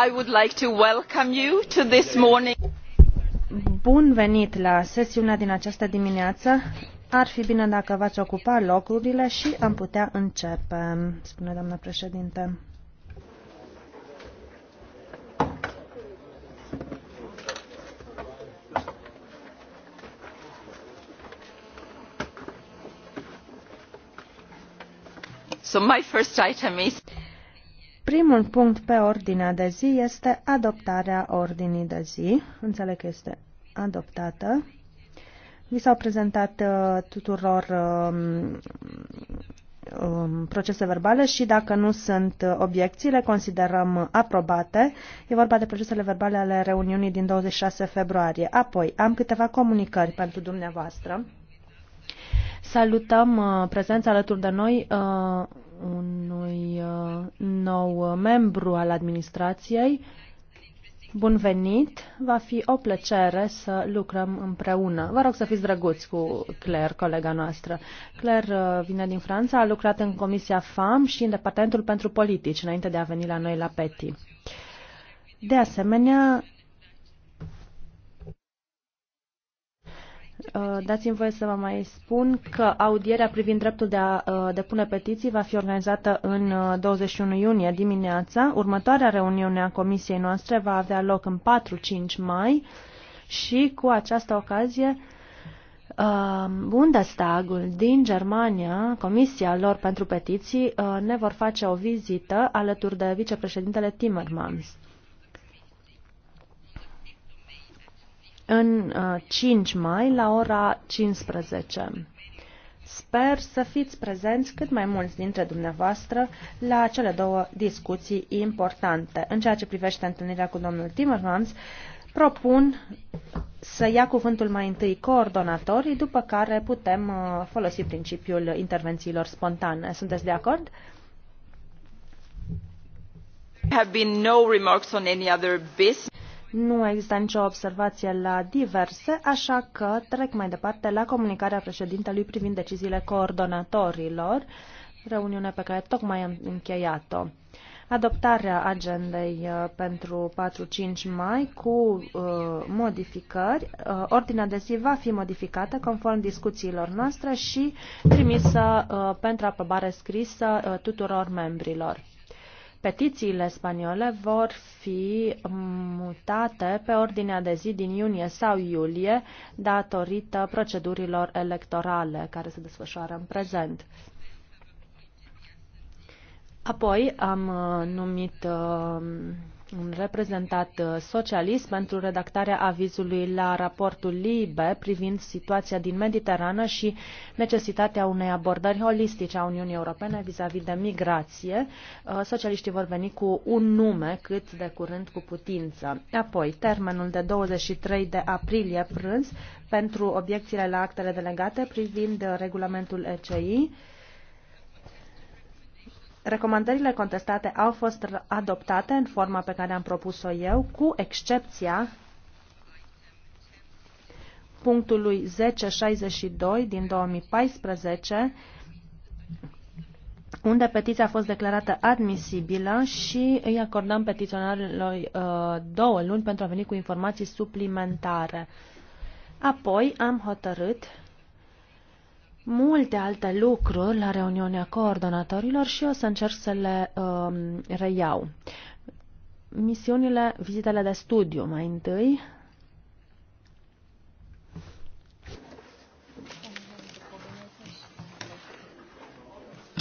I would like to welcome you to this morning. Bun venit la sesiunea din această dimineață. Ar fi bine dacă v-ați ocupa locurile și am putea începe, spune doamna președinte. So my first item is Primul punct pe ordinea de zi este adoptarea ordinii de zi. Înțeleg că este adoptată. Vi s-au prezentat uh, tuturor uh, um, procese verbale și dacă nu sunt obiecții, le considerăm aprobate. E vorba de procesele verbale ale reuniunii din 26 februarie. Apoi, am câteva comunicări pentru dumneavoastră. Salutăm uh, prezența alături de noi uh, unui uh, nou uh, membru al administrației. Bun venit! Va fi o plăcere să lucrăm împreună. Vă rog să fiți drăguți cu Claire, colega noastră. Claire uh, vine din Franța, a lucrat în Comisia FAM și în Departamentul pentru Politici, înainte de a veni la noi la PETI. De asemenea, Uh, dați-mi voie să vă mai spun că audierea privind dreptul de a uh, depune petiții va fi organizată în 21 uh, iunie dimineața. Următoarea reuniune a comisiei noastre va avea loc în 4-5 mai și cu această ocazie Bundestagul din Germania, Comisia lor pentru petiții, ne vor face o vizită alături de vicepreședintele Timmermans. în 5 uh, mai la ora 15. Sper să fiți prezenți cât mai mulți dintre dumneavoastră la cele două discuții importante. În ceea ce privește întâlnirea cu domnul Timmermans, propun să ia cuvântul mai întâi coordonatorii, după care putem uh, folosi principiul intervențiilor spontane. Sunteți de acord? Have been no remarks on any other business. Nu există nicio observație la diverse, așa că trec mai departe la comunicarea președintelui privind deciziile coordonatorilor, reuniune pe care tocmai am încheiat-o. Adoptarea agendei uh, pentru 4-5 mai cu uh, modificări. Uh, ordinea de zi va fi modificată conform discuțiilor noastre și trimisă uh, pentru aprobare scrisă uh, tuturor membrilor. Petițiile spaniole vor fi mm, mutate pe ordinea de zi din iunie sau iulie datorită procedurilor electorale care se desfășoară în prezent. Apoi am uh, numit uh, un reprezentat uh, socialist pentru redactarea avizului la raportul LIBE privind situația din Mediterană și necesitatea unei abordări holistice a Uniunii Europene vis-a-vis -vis de migrație. Uh, socialiștii vor veni cu un nume cât de curând cu putință. Apoi, termenul de 23 de aprilie prânz pentru obiecțiile la actele delegate privind uh, regulamentul ECI Recomandările contestate au fost adoptate în forma pe care am propus-o eu, cu excepția punctului 1062 din 2014, unde petiția a fost declarată admisibilă și îi acordăm petiționarului uh, două luni pentru a veni cu informații suplimentare. Apoi am hotărât multe alte lucruri la reuniunea coordonatorilor și o să încerc să le um, reiau. Misiunile, vizitele de studiu mai întâi.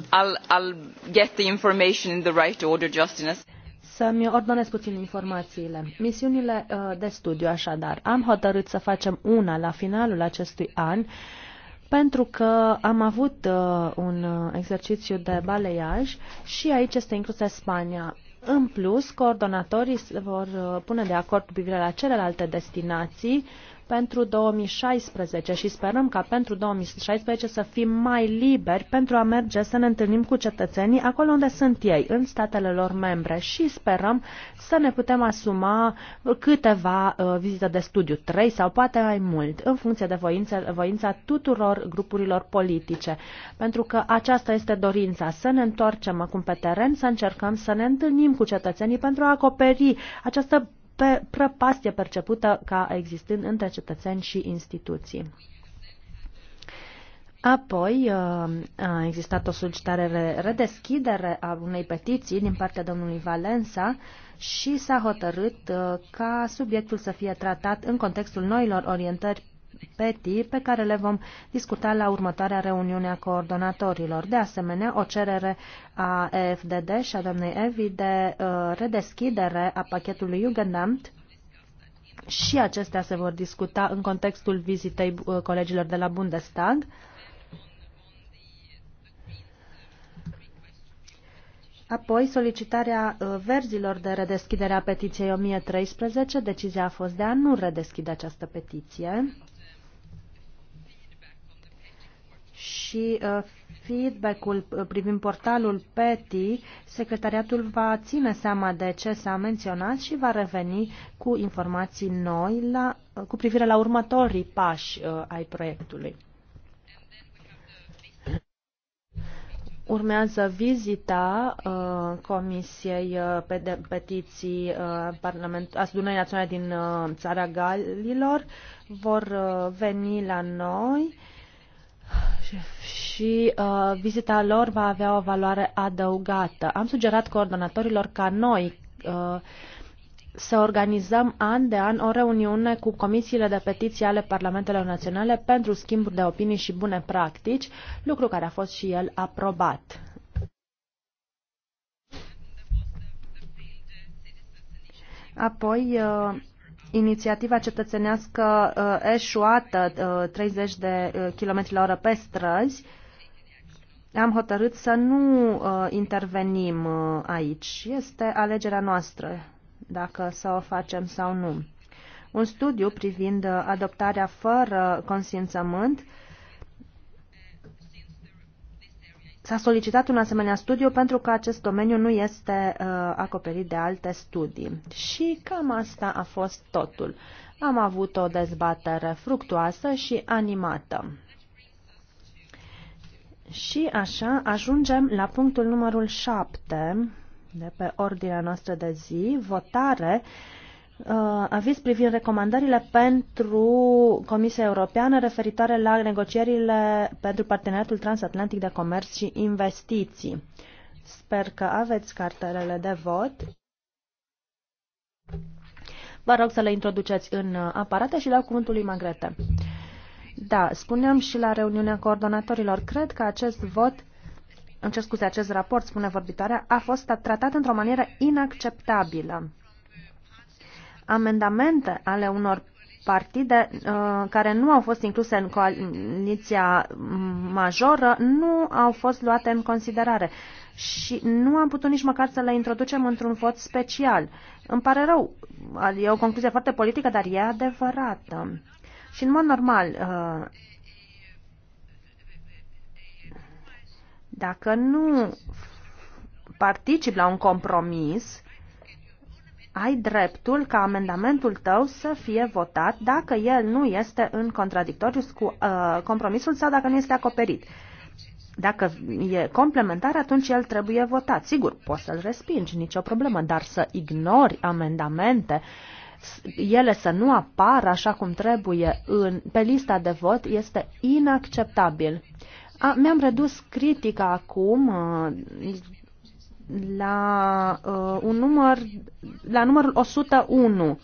I'll, I'll get the information in the right order, Justin. Să-mi ordonez puțin informațiile. Misiunile uh, de studiu, așadar. Am hotărât să facem una la finalul acestui an. Uh, pentru că am avut uh, un uh, exercițiu de baleiaj și aici este inclusă Spania. În plus, coordonatorii se vor uh, pune de acord cu privire la celelalte destinații pentru 2016 și sperăm ca pentru 2016 să fim mai liberi pentru a merge să ne întâlnim cu cetățenii acolo unde sunt ei, în statele lor membre și sperăm să ne putem asuma câteva uh, vizite de studiu, trei sau poate mai mult, în funcție de voință, voința tuturor grupurilor politice, pentru că aceasta este dorința, să ne întoarcem acum pe teren, să încercăm să ne întâlnim cu cetățenii pentru a acoperi această pe prăpastie percepută ca existând între cetățeni și instituții. Apoi uh, a existat o solicitare de redeschidere a unei petiții din partea domnului Valensa și s-a hotărât uh, ca subiectul să fie tratat în contextul noilor orientări PETI, pe care le vom discuta la următoarea reuniune a coordonatorilor. De asemenea, o cerere a EFDD și a doamnei Evi de uh, redeschidere a pachetului Jugendamt și acestea se vor discuta în contextul vizitei uh, colegilor de la Bundestag. Apoi, solicitarea uh, verzilor de redeschidere a petiției 1013, decizia a fost de a nu redeschide această petiție și uh, feedback-ul uh, privind portalul PETI, secretariatul va ține seama de ce s-a menționat și va reveni cu informații noi la, uh, cu privire la următorii pași ai proiectului. Urmează vizita uh, Comisiei uh, pe de, Petiții uh, Asudunării Naționale din uh, Țara Galilor. Vor uh, veni la noi uh, și uh, vizita lor va avea o valoare adăugată. Am sugerat coordonatorilor ca noi uh, să organizăm an de an o reuniune cu comisiile de petiții ale Parlamentelor Naționale pentru schimburi de opinii și bune practici, lucru care a fost și el aprobat. Apoi, uh, inițiativa cetățenească uh, eșuată uh, 30 de uh, km la oră pe străzi, am hotărât să nu uh, intervenim uh, aici. Este alegerea noastră dacă să o facem sau nu. Un studiu privind uh, adoptarea fără consimțământ uh, S-a solicitat un asemenea studiu pentru că acest domeniu nu este uh, acoperit de alte studii. Și cam asta a fost totul. Am avut o dezbatere fructuoasă și animată. Și așa ajungem la punctul numărul 7 de pe ordinea noastră de zi, votare uh, Uh, aviz privind recomandările pentru Comisia Europeană referitoare la negocierile pentru Parteneriatul Transatlantic de Comerț și Investiții. Sper că aveți cartelele de vot. Vă rog să le introduceți în aparate și la cuvântul lui Magrete. Da, spuneam și la reuniunea coordonatorilor, cred că acest vot, îmi cer scuze, acest raport, spune vorbitoarea, a fost tratat într-o manieră inacceptabilă amendamente ale unor partide uh, care nu au fost incluse în coaliția majoră nu au fost luate în considerare și nu am putut nici măcar să le introducem într-un vot special. Îmi pare rău, e o concluzie foarte politică, dar e adevărată. Și în mod normal, uh, dacă nu particip la un compromis, ai dreptul ca amendamentul tău să fie votat dacă el nu este în contradictoriu cu uh, compromisul sau dacă nu este acoperit. Dacă e complementar, atunci el trebuie votat. Sigur, poți să-l respingi, nicio problemă, dar să ignori amendamente, ele să nu apară așa cum trebuie în, pe lista de vot, este inacceptabil. Mi-am redus critica acum, uh, la, uh, un număr, la numărul 101.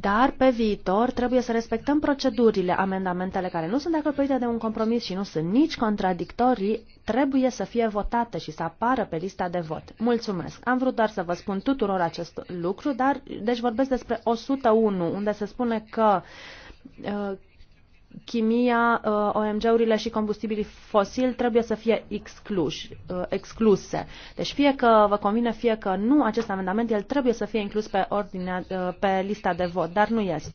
Dar pe viitor trebuie să respectăm procedurile. Amendamentele care nu sunt acoperite de un compromis și nu sunt nici contradictorii trebuie să fie votate și să apară pe lista de vot. Mulțumesc. Am vrut doar să vă spun tuturor acest lucru, dar deci vorbesc despre 101, unde se spune că uh, chimia, uh, OMG-urile și combustibilii fosili trebuie să fie excluși, uh, excluse. Deci fie că vă convine, fie că nu, acest amendament, el trebuie să fie inclus pe, ordinea, uh, pe lista de vot, dar nu este.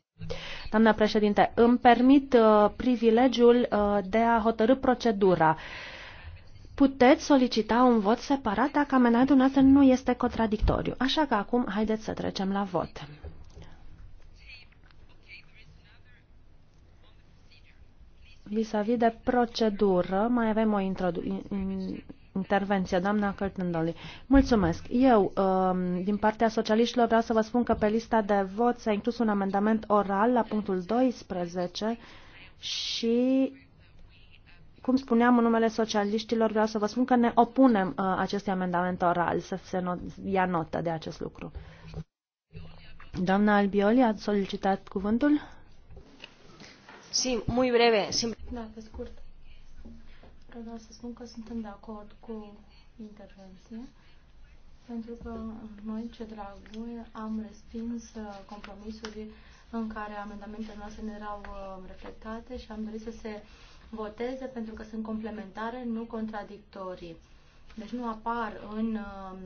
Doamna președinte, îmi permit privilegiul de a hotărâ procedura. Puteți solicita un vot separat dacă amendamentul nostru nu este contradictoriu. Așa că acum haideți să trecem la vot. Vis-a-vis -vis de procedură, mai avem o intervenție, doamna Căltândoli. Mulțumesc. Eu, um, din partea socialiștilor, vreau să vă spun că pe lista de vot s-a inclus un amendament oral la punctul 12 și cum spuneam în numele socialiștilor, vreau să vă spun că ne opunem uh, acestui amendament oral, să se ia notă de acest lucru. Doamna Albioli, ați solicitat cuvântul? Sí, muy breve. Sim... Da, pe scurt. Vreau să spun că suntem de acord cu intervenție, pentru că noi, ce dragul, am respins uh, compromisuri în care amendamentele noastre ne erau uh, reflectate și am dorit să se voteze pentru că sunt complementare, nu contradictorii. Deci nu apar în uh,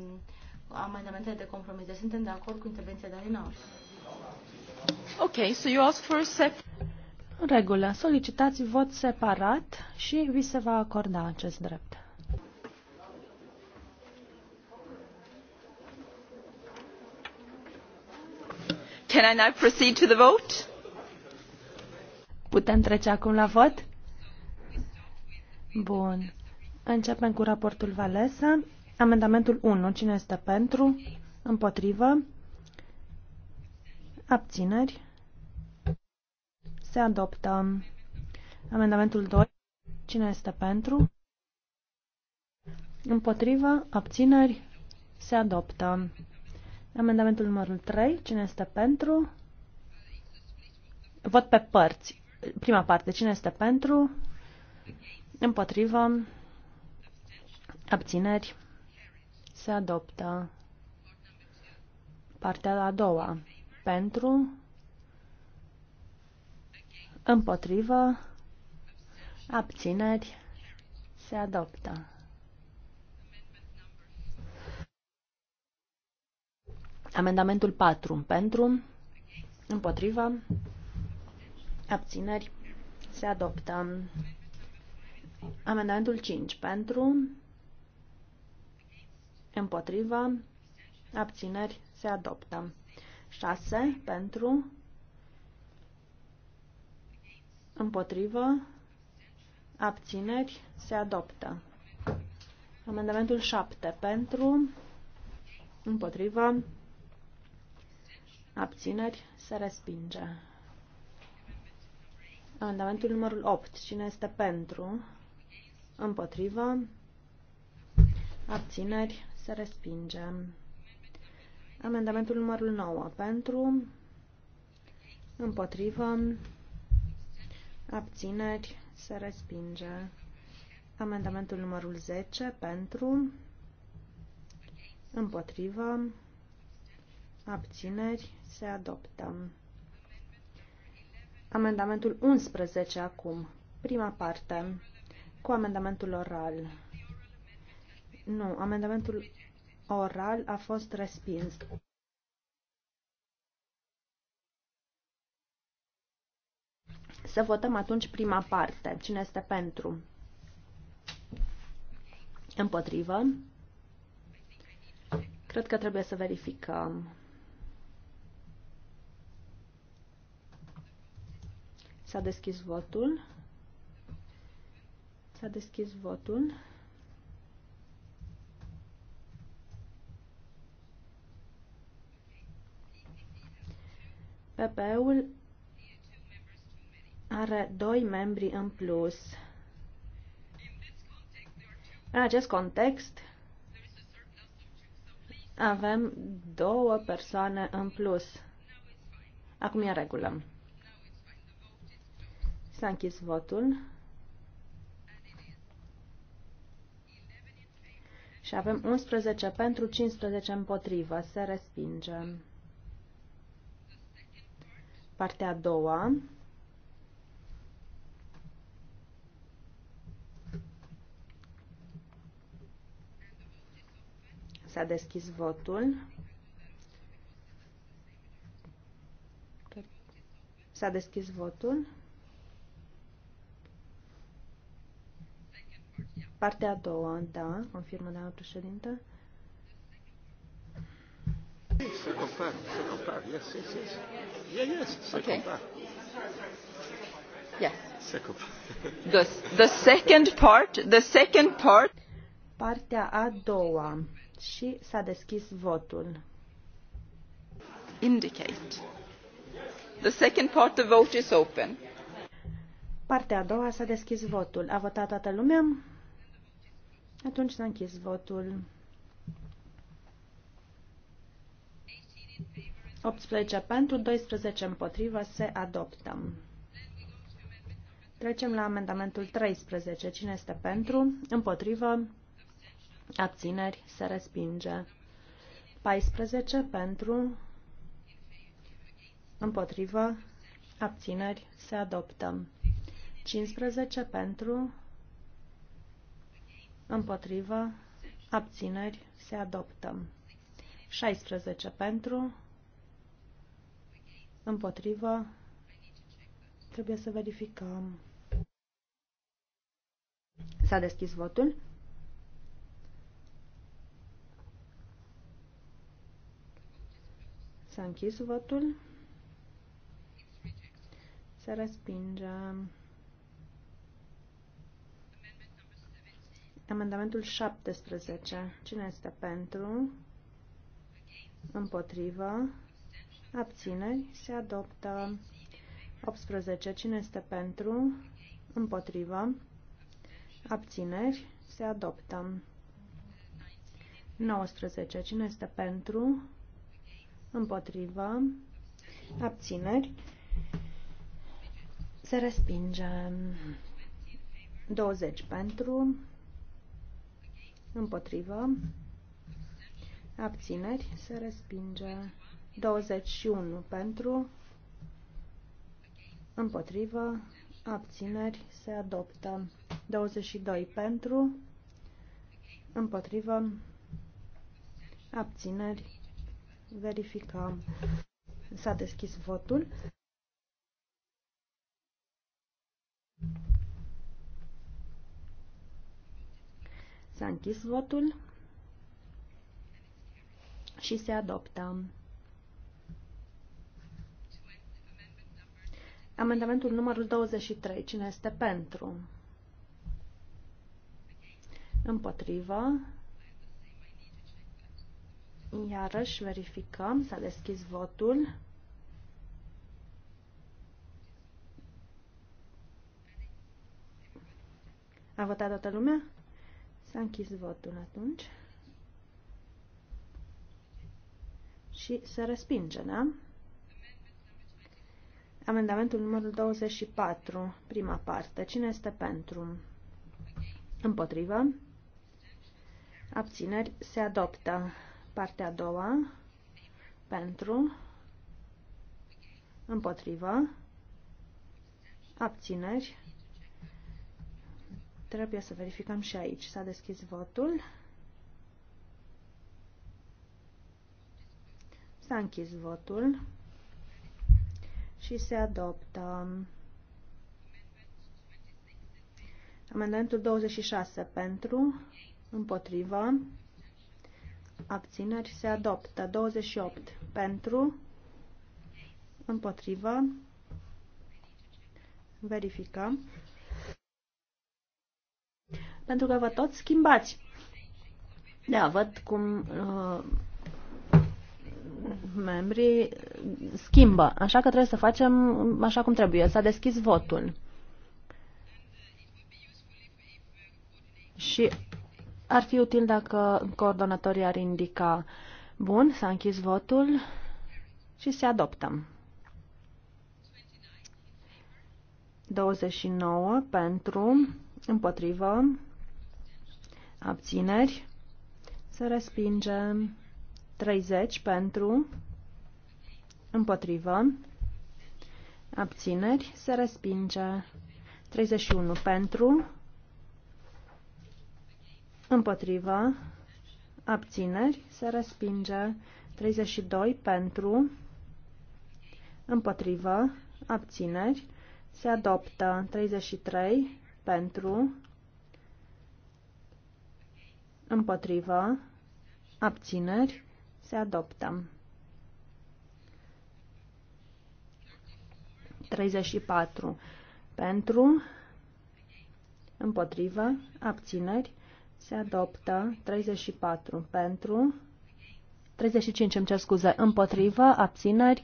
amendamentele de compromis. Deci suntem de acord cu intervenția de Alina. Ok, so you ask for a second. În regulă, solicitați vot separat și vi se va acorda acest drept. Can I now proceed to the vote? Putem trece acum la vot? Bun. Începem cu raportul Valesa. Amendamentul 1. Cine este pentru? Împotrivă? Abțineri? Se adoptă. Amendamentul 2. Cine este pentru? Împotrivă. Abțineri. Se adoptă. Amendamentul numărul 3. Cine este pentru? Vot pe părți. Prima parte. Cine este pentru? Împotrivă. Abțineri. Se adoptă. Partea a doua. Pentru. Împotrivă. Abțineri. Se adoptă. Amendamentul 4. Pentru. Împotrivă. Abțineri. Se adoptă. Amendamentul 5. Pentru. Împotrivă. Abțineri. Se adoptă. 6. Pentru. Împotrivă. Abțineri. Se adoptă. Amendamentul 7. Pentru. Împotrivă. Abțineri. Se respinge. Amendamentul numărul 8. Cine este pentru? Împotrivă. Abțineri. Se respinge. Amendamentul numărul 9. Pentru. Împotrivă abțineri, se respinge. Amendamentul numărul 10 pentru, împotrivă, abțineri, se adoptă. Amendamentul 11 acum, prima parte, cu amendamentul oral. Nu, amendamentul oral a fost respins. Să votăm atunci prima parte. Cine este pentru? Împotrivă. Cred că trebuie să verificăm. S-a deschis votul. S-a deschis votul. PP-ul are doi membri în plus. În acest context, avem două persoane în plus. Acum e regulă. S-a închis votul. Și avem 11 pentru, 15 împotrivă. Se respinge. Partea a doua. S-a deschis votul. S-a deschis votul. Partea a doua, da, confirmă doamna președintă. compar, compar, yes, yes, yes. Yeah, yes, okay. compar. compar. the, the second part, the second part. Partea a doua și s-a deschis votul. Indicate. The second part, of the vote is open. Partea a doua s-a deschis votul. A votat toată lumea? Atunci s-a închis votul. 18 pentru, 12 împotrivă, se adoptă. Trecem la amendamentul 13. Cine este pentru? Împotrivă? abțineri, se respinge. 14 pentru, împotrivă, abțineri, se adoptă. 15 pentru, împotrivă, abțineri, se adoptă. 16 pentru, împotrivă, trebuie să verificăm. S-a deschis votul. S-a închis votul. Se respinge. Amendamentul 17. Cine este pentru? Împotrivă? Abțineri? Se adoptă. 18. Cine este pentru? Împotrivă? Abțineri? Se adoptă. 19. Cine este pentru? împotriva, abțineri, se respinge 20 pentru, împotriva, abțineri, se respinge 21 pentru, împotriva, abțineri, se adoptă 22 pentru, împotriva, abțineri, Verificăm. S-a deschis votul. S-a închis votul și se adoptă. Amendamentul numărul 23. Cine este pentru? Împotrivă. Iarăși verificăm, s-a deschis votul. A votat toată lumea? S-a închis votul atunci. Și se respinge, da? Amendamentul numărul 24, prima parte. Cine este pentru? Împotrivă. Abțineri se adoptă. Partea a doua. Pentru. Împotrivă. Abțineri. Trebuie să verificăm și aici. S-a deschis votul. S-a închis votul și se adoptă. Amendamentul 26 pentru, împotrivă, abțineri se adoptă. 28 pentru, împotrivă, verificăm. Pentru că vă tot schimbați. Da, văd cum uh, membrii schimbă, așa că trebuie să facem așa cum trebuie. S-a deschis votul. Și ar fi util dacă coordonatorii ar indica bun, s-a închis votul și se adoptăm. 29 pentru, împotrivă, abțineri, se respinge 30 pentru, împotrivă, abțineri, se respinge 31 pentru, Împotrivă. Abțineri. Se respinge. 32 pentru. Împotrivă. Abțineri. Se adoptă. 33 pentru. Împotrivă. Abțineri. Se adoptă. 34. Pentru, împotrivă, abțineri, se adoptă 34 pentru, 35 îmi cer scuze, împotrivă, abțineri.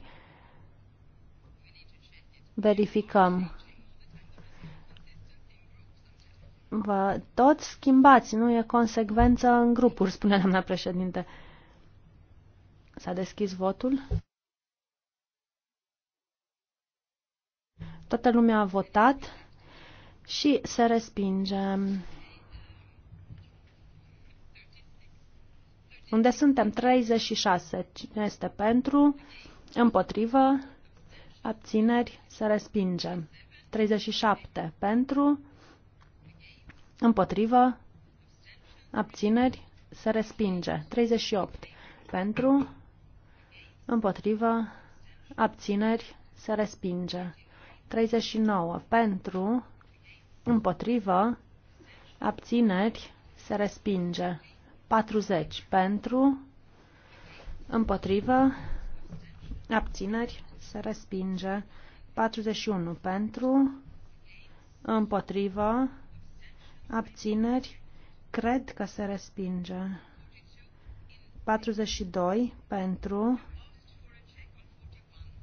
Verificăm. Vă tot schimbați, nu e consecvență în grupuri, spune doamna președinte. S-a deschis votul. Toată lumea a votat și se respinge. unde suntem 36. Cine este pentru? Împotrivă? Abțineri? să respingem. 37. Pentru? Împotrivă? Abțineri? să respinge. 38. Pentru? Împotrivă? Abțineri? să respinge. 39. Pentru? Împotrivă? Abțineri? Se respinge. 40 pentru, împotrivă, abțineri, se respinge. 41 pentru, împotrivă, abțineri, cred că se respinge. 42 pentru,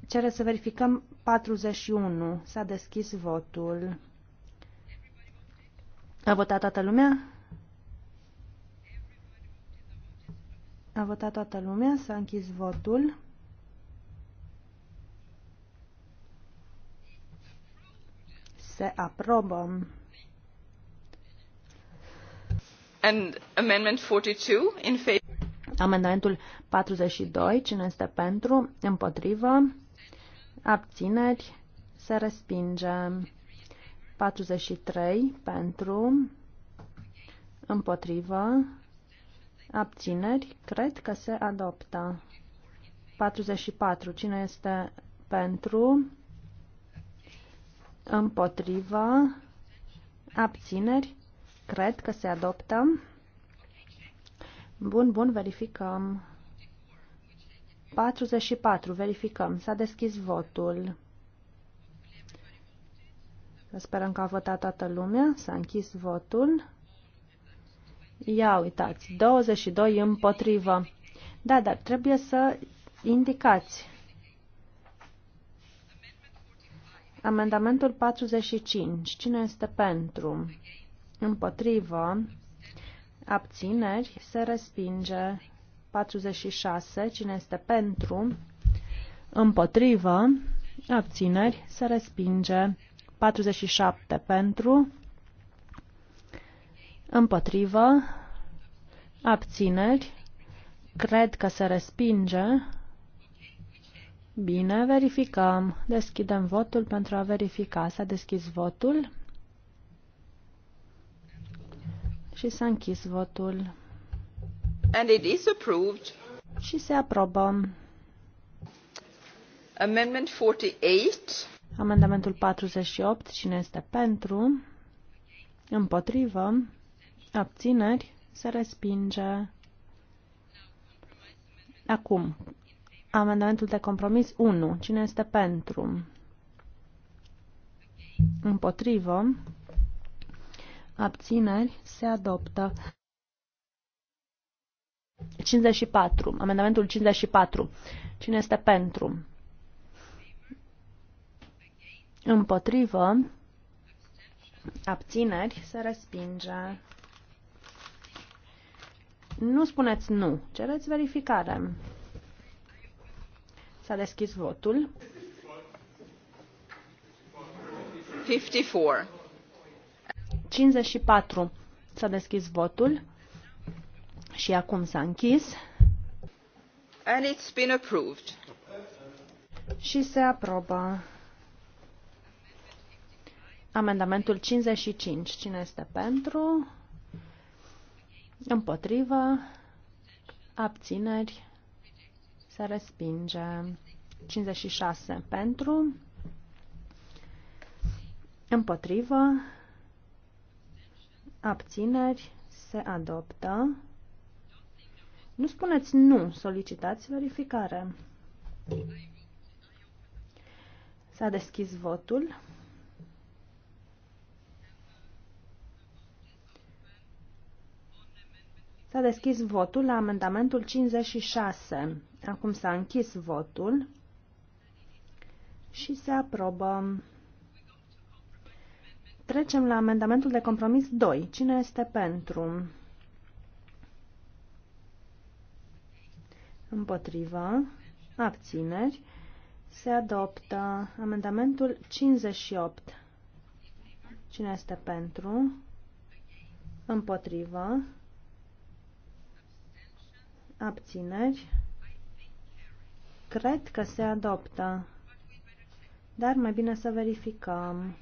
cere să verificăm 41, s-a deschis votul. A votat toată lumea? A votat toată lumea, s-a închis votul. Se aprobă. And amendment 42 in favor. Amendamentul 42, cine este pentru, împotrivă, abțineri, se respinge. 43 pentru, împotrivă, Abțineri. Cred că se adoptă. 44. Cine este pentru? Împotrivă. Abțineri. Cred că se adoptă. Bun, bun, verificăm. 44. Verificăm. S-a deschis votul. Sperăm că a votat toată lumea. S-a închis votul. Ia uitați, 22 împotrivă. Da, dar trebuie să indicați. Amendamentul 45. Cine este pentru? Împotrivă. Abțineri. Se respinge. 46. Cine este pentru? Împotrivă. Abțineri. Se respinge. 47 pentru împotrivă, abțineri, cred că se respinge. Bine, verificăm. Deschidem votul pentru a verifica. S-a deschis votul și s-a închis votul. And it is approved. Și se aprobă. Amendment 48. Amendamentul 48. Cine este pentru? Împotrivă abțineri, se respinge. Acum, amendamentul de compromis 1. Cine este pentru? Împotrivă, abțineri, se adoptă. 54. Amendamentul 54. Cine este pentru? Împotrivă. Abțineri. Se respinge. Nu spuneți nu. Cereți verificare. S-a deschis votul. 54. S-a deschis votul și acum s-a închis. And it's been approved. Și se aprobă. Amendamentul 55. Cine este pentru? Împotrivă. Abțineri. Se respinge. 56 pentru. Împotrivă. Abțineri. Se adoptă. Nu spuneți nu. Solicitați verificare. S-a deschis votul. S-a deschis votul la amendamentul 56. Acum s-a închis votul și se aprobă. Trecem la amendamentul de compromis 2. Cine este pentru? Împotrivă. Abțineri. Se adoptă amendamentul 58. Cine este pentru? Împotrivă. Abțineri. Cred că se adoptă, dar mai bine să verificăm.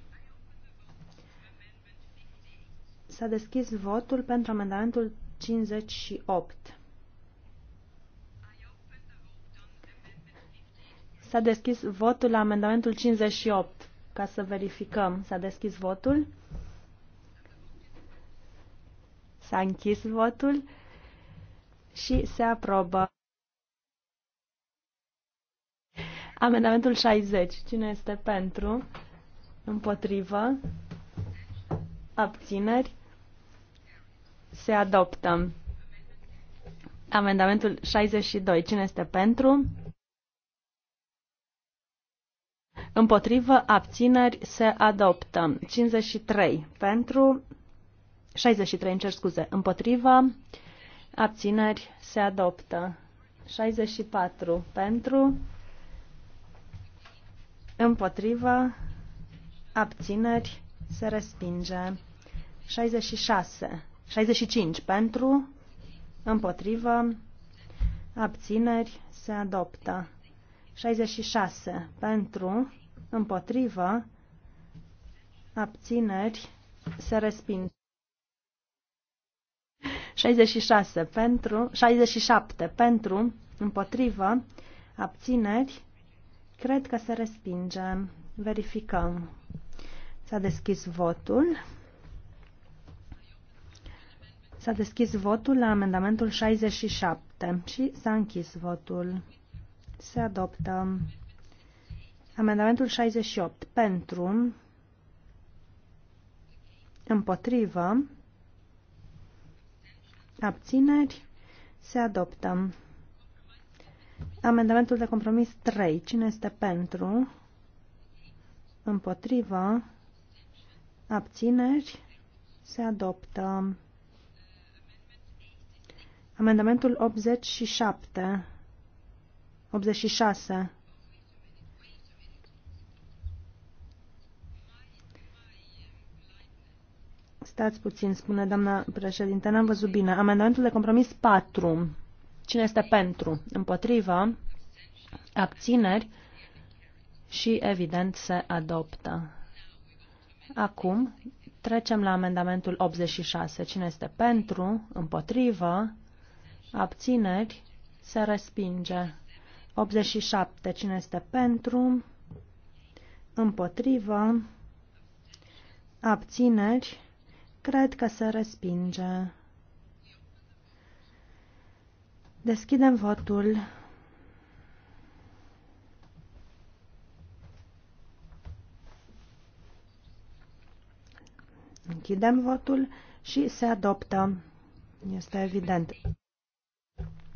S-a deschis votul pentru amendamentul 58. S-a deschis votul la amendamentul 58. Ca să verificăm, s-a deschis votul. S-a închis votul și se aprobă. Amendamentul 60. Cine este pentru? Împotrivă? Abțineri? Se adoptă. Amendamentul 62. Cine este pentru? Împotrivă, abțineri, se adoptă. 53. Pentru, 63, Încerc scuze. Împotrivă, Abțineri se adoptă. 64 pentru, împotrivă, abțineri se respinge. 66, 65 pentru, împotrivă, abțineri se adoptă. 66 pentru, împotrivă, abțineri se respinge. 66 pentru, 67 pentru, împotrivă, abțineri, cred că se respinge. Verificăm. S-a deschis votul. S-a deschis votul la amendamentul 67 și s-a închis votul. Se adoptă. Amendamentul 68 pentru, împotrivă, Abțineri. Se adoptă. Amendamentul de compromis 3. Cine este pentru? Împotrivă. Abțineri. Se adoptă. Amendamentul 87. 86. Stați puțin, spune doamna președinte, n-am văzut bine. Amendamentul de compromis 4. Cine este pentru? Împotriva? Abțineri? Și, evident, se adoptă. Acum trecem la amendamentul 86. Cine este pentru? Împotrivă? Abțineri? Se respinge. 87. Cine este pentru? Împotrivă? Abțineri? Cred că se respinge. Deschidem votul. Închidem votul și se adoptă. Este evident.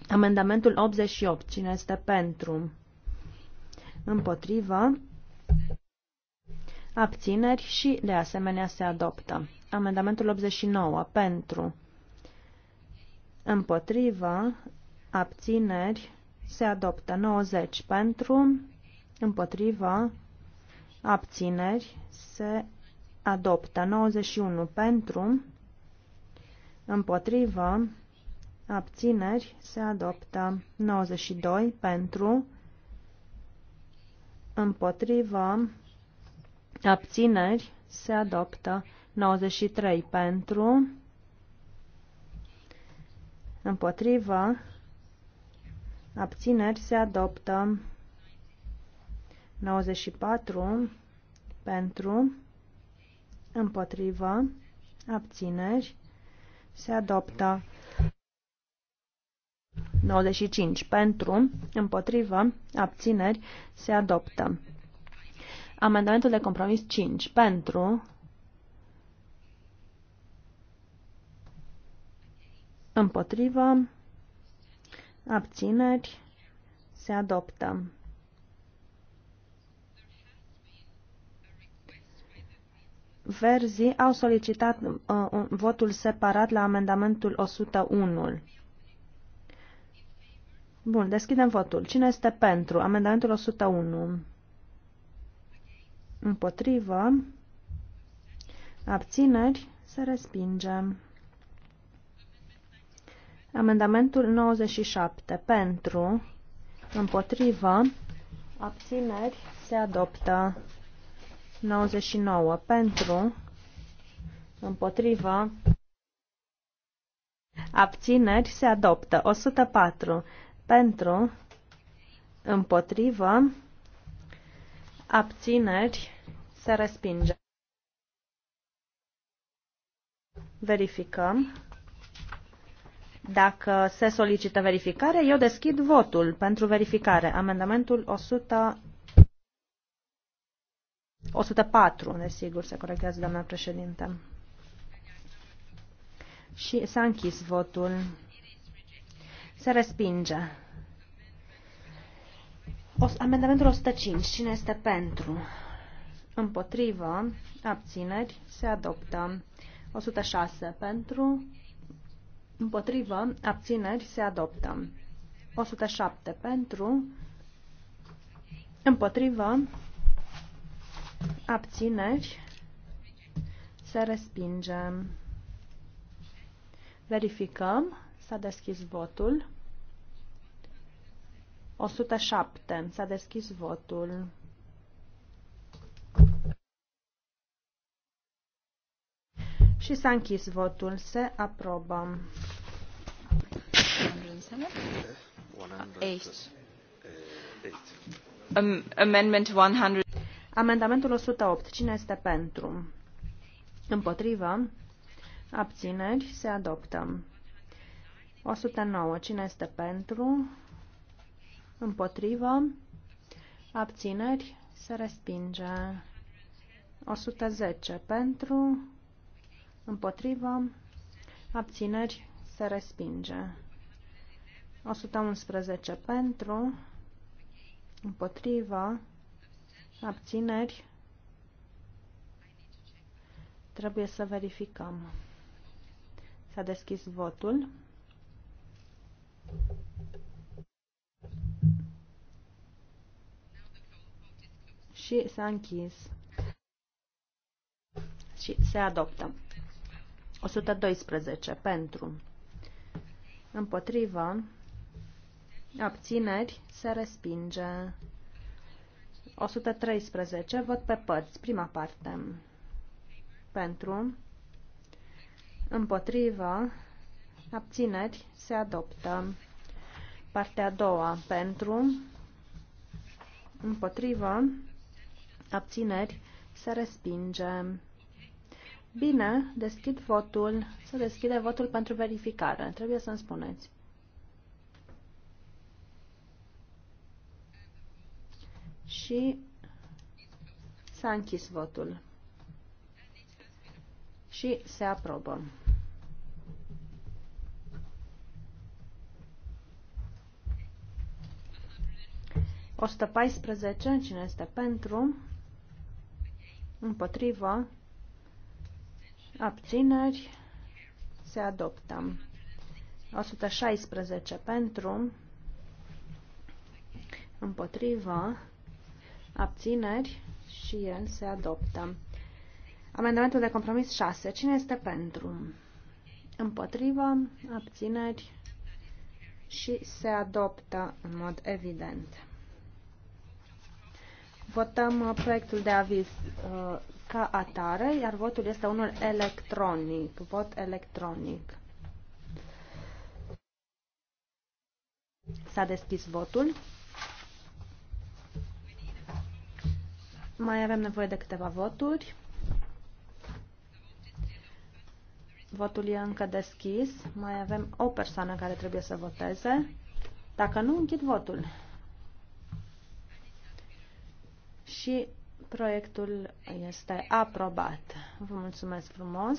Amendamentul 88. Cine este pentru? Împotrivă. Abțineri și, de asemenea, se adoptă. Amendamentul 89. Pentru. Împotrivă. Abțineri. Se adoptă. 90. Pentru. Împotrivă. Abțineri. Se adoptă. 91. Pentru. Împotrivă. Abțineri. Se adoptă. 92. Pentru. Împotrivă. Abțineri se adoptă 93 pentru, împotrivă, abțineri se adoptă. 94 pentru, împotrivă, abțineri se adoptă. 95 pentru, împotrivă, abțineri se adoptă. Amendamentul de compromis 5 pentru, împotrivă, abțineri, se adoptă. Verzii au solicitat uh, un, votul separat la amendamentul 101. Bun, deschidem votul. Cine este pentru? Amendamentul 101. Împotrivă. Abțineri. Se respinge. Amendamentul 97. Pentru, împotrivă, abțineri, se adoptă. 99. Pentru, împotrivă, abțineri, se adoptă. 104. Pentru, împotrivă, abțineri, se respinge. Verificăm. Dacă se solicită verificare, eu deschid votul pentru verificare. Amendamentul 100... 104, desigur, se corectează, doamna președinte. Și s-a închis votul. Se respinge. O, amendamentul 105. Cine este pentru? Împotrivă. Abțineri. Se adoptă. 106 pentru. Împotrivă, abțineri, se adoptă. 107 pentru, împotrivă, abțineri, se respinge. Verificăm, s-a deschis votul. 107, s-a deschis votul. Și s-a închis votul. Se aprobă. 107? Amendamentul 108. Cine este pentru? Împotrivă? Abțineri? Se adoptă. 109. Cine este pentru? Împotrivă? Abțineri? Se respinge. 110. Pentru? împotrivă, abțineri, se respinge. 111 pentru, împotrivă, abțineri, trebuie să verificăm. S-a deschis votul. Și s-a închis. Și se adoptă. 112 pentru. Împotrivă. Abțineri. Se respinge. 113. Vot pe părți. Prima parte. Pentru. Împotrivă. Abțineri. Se adoptă. Partea a doua. Pentru. Împotrivă. Abțineri. Se respinge. Bine, deschid votul. Să deschide votul pentru verificare. Trebuie să-mi spuneți. Și s-a închis votul. Și se aprobă. O 114, cine este pentru? Împotrivă? abțineri, se adoptă. 116 pentru, împotrivă, abțineri și el se adoptă. Amendamentul de compromis 6. Cine este pentru? Împotrivă, abțineri și se adoptă în mod evident. Votăm uh, proiectul de aviz uh, ca atare, iar votul este unul electronic, vot electronic. S-a deschis votul. Mai avem nevoie de câteva voturi. Votul e încă deschis. Mai avem o persoană care trebuie să voteze. Dacă nu, închid votul. Și Proiectul este aprobat. Vă mulțumesc frumos.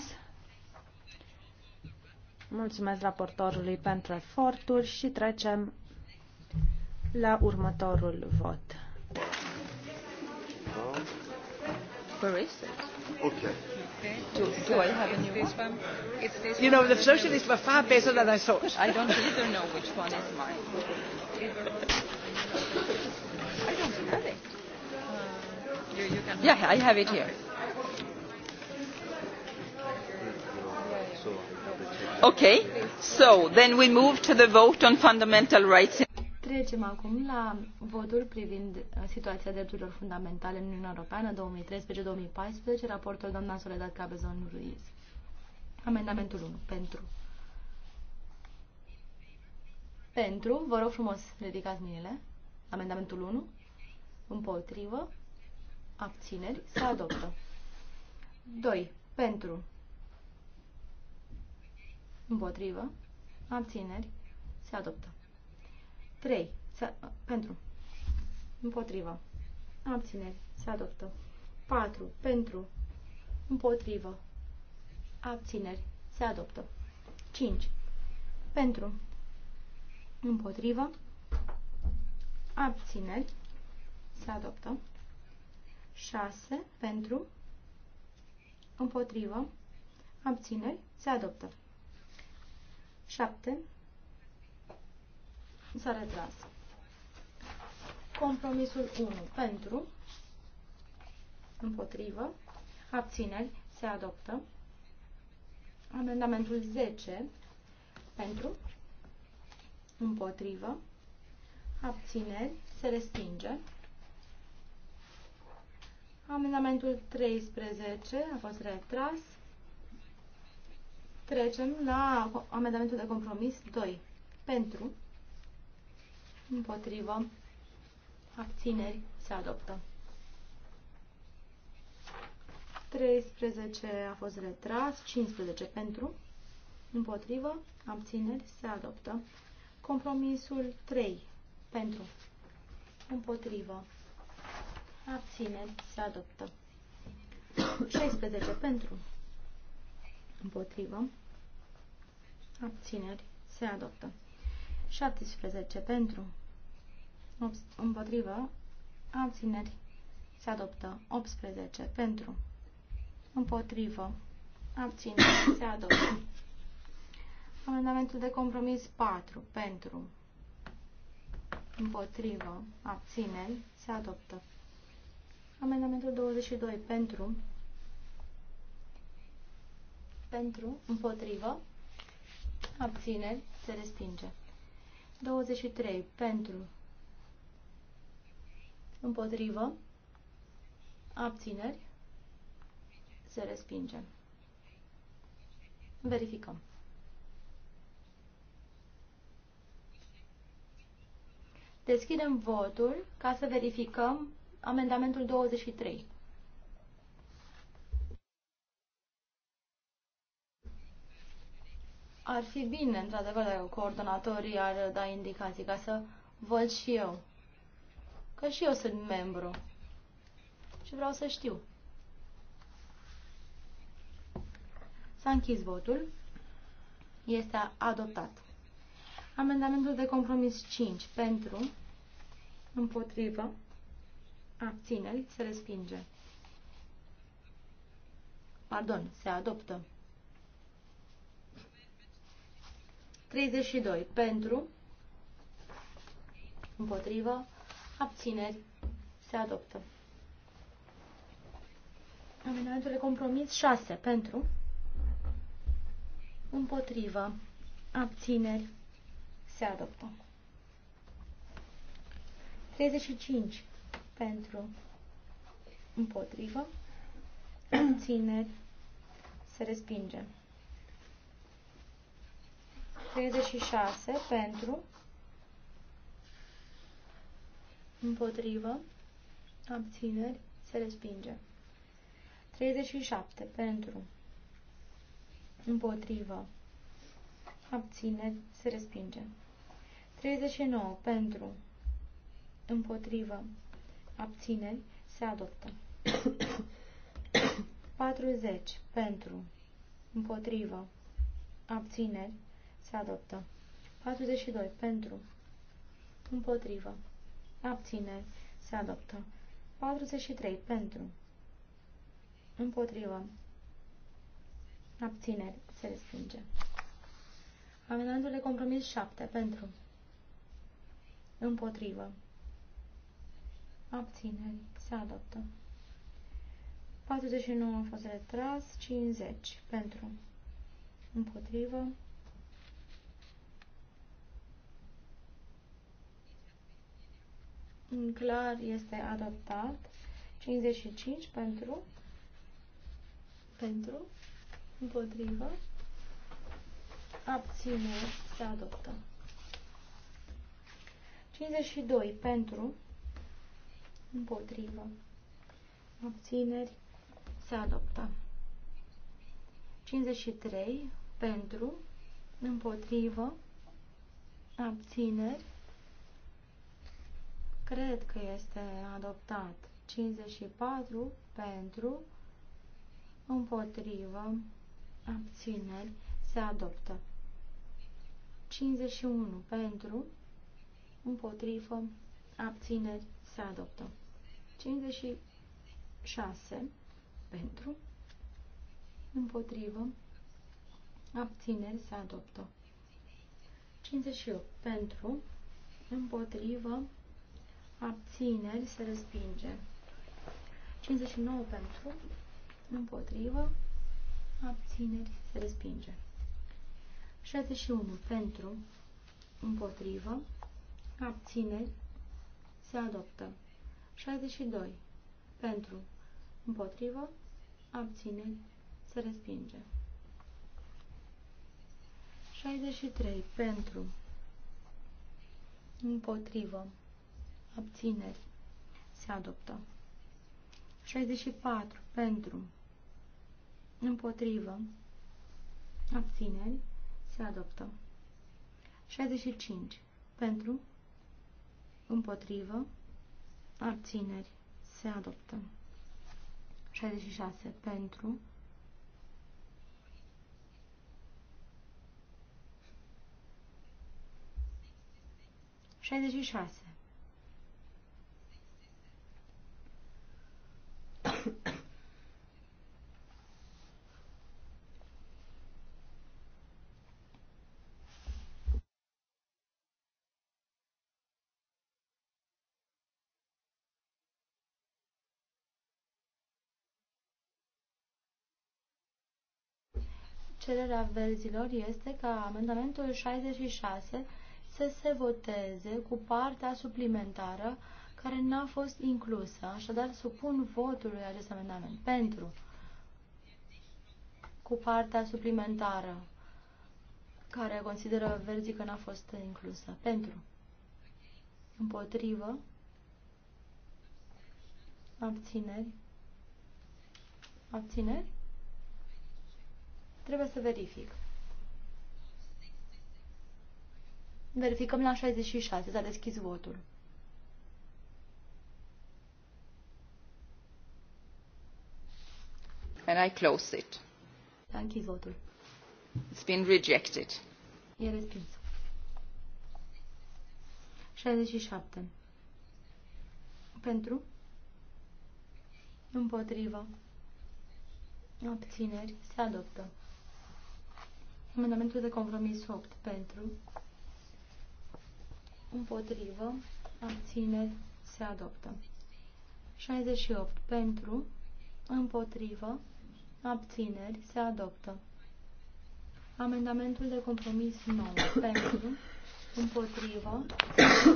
Mulțumesc raportorului pentru eforturi și trecem la următorul vot. Where is it? Okay. Do, do I have a new one? It's this you know, the socialists were far better than I thought. I don't either know which one is mine. Yeah, I have it here. Okay, so then we move to the vote on fundamental rights. Trecem acum la votul privind uh, situația drepturilor fundamentale în Uniunea Europeană 2013-2014, raportul doamna Soledad Cabezon Ruiz. Amendamentul 1. Pentru. Pentru. Vă rog frumos, ridicați mâinile. Amendamentul 1. Împotrivă. Abțineri. Se adoptă. 2. Pentru. Împotrivă. Abțineri. Se adoptă. 3. pentru. Împotrivă. Abțineri. Se adoptă. 4. Pentru. Împotrivă. Abțineri. Se adoptă. 5. Pentru. Împotrivă. Abțineri. Se adoptă. 6 pentru, împotrivă, abțineri, se adoptă. 7 s-a retras. Compromisul 1 pentru, împotrivă, abțineri, se adoptă. Amendamentul 10 pentru, împotrivă, abțineri, se respinge. Amendamentul 13 a fost retras. Trecem la amendamentul de compromis 2. Pentru, împotrivă, abțineri, se adoptă. 13 a fost retras, 15 pentru, împotrivă, abțineri, se adoptă. Compromisul 3 pentru, împotrivă, abțineri, se adoptă. 16 pentru, împotrivă, abțineri, se adoptă. 17 pentru, împotrivă, abțineri, se adoptă. 18 pentru, împotrivă, abțineri, se adoptă. Amendamentul de compromis 4 pentru, împotrivă, abțineri, se adoptă. Amendamentul 22 pentru pentru, împotrivă, abțineri, se respinge. 23 pentru, împotrivă, abțineri, se respinge. Verificăm. Deschidem votul ca să verificăm amendamentul 23. Ar fi bine, într-adevăr, dacă coordonatorii ar da indicații ca să văd și eu. Că și eu sunt membru. Și vreau să știu. S-a închis votul. Este adoptat. Amendamentul de compromis 5 pentru, împotrivă, abțineri, se respinge. Pardon, se adoptă. 32. Pentru, împotrivă, abțineri, se adoptă. Amendamentul de compromis 6. Pentru, împotrivă, abțineri, se adoptă. 35 pentru împotrivă, țineri, se respinge. 36 pentru împotrivă, abțineri, se respinge. 37 pentru împotrivă, abțineri, se respinge. 39 pentru împotrivă, abțineri, se adoptă. 40 pentru, împotrivă, abțineri, se adoptă. 42 pentru, împotrivă, abțineri, se adoptă. 43 pentru, împotrivă, abțineri, se respinge. Amendamentul de compromis 7 pentru, împotrivă, abțineri, se adoptă. 49 a fost retras, 50 pentru, împotrivă. În Clar este adoptat, 55 pentru, pentru, împotrivă, Abține, se adoptă. 52 pentru, împotrivă, abțineri, se adoptă. 53 pentru, împotrivă, abțineri, cred că este adoptat. 54 pentru, împotrivă, abțineri, se adoptă. 51 pentru, împotrivă, abțineri, se adoptă. 56 pentru, împotrivă, abțineri se adoptă. 58 pentru, împotrivă, abțineri se respinge. 59 pentru, împotrivă, abțineri se respinge. 61 pentru, împotrivă, abțineri se adoptă. 62. Pentru. Împotrivă. Abțineri. Se respinge. 63. Pentru. Împotrivă. Abțineri. Se adoptă. 64. Pentru. Împotrivă. Abțineri. Se adoptă. 65. Pentru. Împotrivă abțineri, se adoptă. 66 pentru, șaizeci șase Cererea verzilor este ca amendamentul 66 să se voteze cu partea suplimentară care n-a fost inclusă. Așadar, supun votului acest amendament. Pentru. Cu partea suplimentară care consideră verzii că n-a fost inclusă. Pentru. Împotrivă. Abțineri. Abțineri? Trebuie să verific. Verificăm la 66. S-a deschis votul. And I close it. S-a închis votul. It's been rejected. E respins. 67. Pentru? Împotriva. Obțineri? Se adoptă. Amendamentul de compromis 8 pentru, împotrivă, abțineri, se adoptă. 68 pentru, împotrivă, abțineri, se adoptă. Amendamentul de compromis 9 pentru, împotrivă,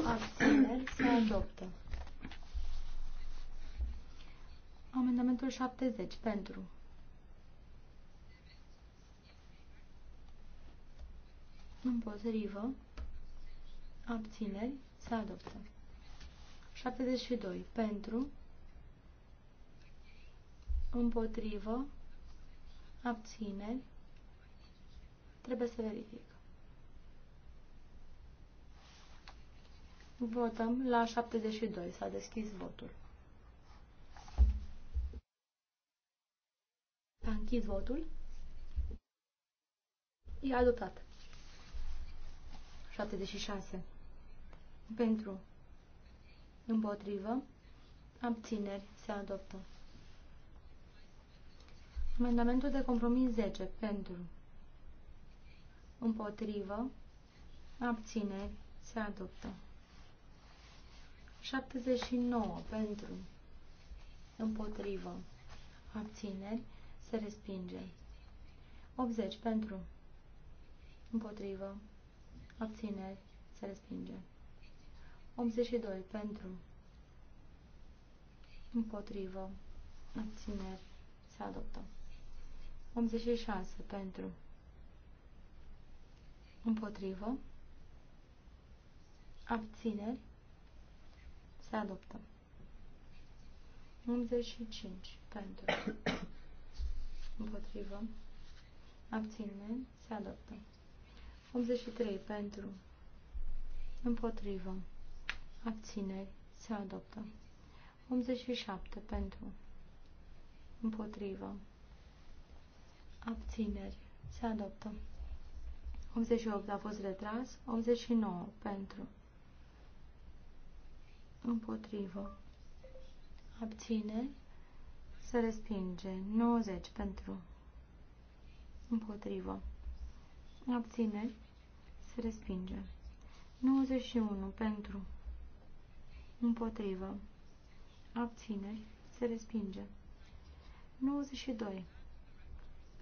abțineri, se adoptă. Amendamentul 70 pentru, împotrivă, abțineri, se adoptă. 72. Pentru, împotrivă, abțineri, trebuie să verific. Votăm la 72. S-a deschis votul. S-a închis votul. E adoptat. 76. Pentru. Împotrivă. Abțineri. Se adoptă. Amendamentul de compromis 10. Pentru. Împotrivă. Abțineri. Se adoptă. 79. Pentru. Împotrivă. Abțineri. Se respinge. 80. Pentru. Împotrivă abțineri, se respinge. 82 pentru, împotrivă, abțineri, se adoptă. 86 pentru, împotrivă, abțineri, se adoptă. 85 pentru, împotrivă, abțineri, se adoptă. 83 pentru, împotrivă, abțineri, se adoptă. 87 pentru, împotrivă, abțineri, se adoptă. 88 a fost retras, 89 pentru, împotrivă, abțineri, se respinge, 90 pentru, împotrivă, abțineri, se respinge. 91 pentru, împotrivă, abțineri, se respinge. 92.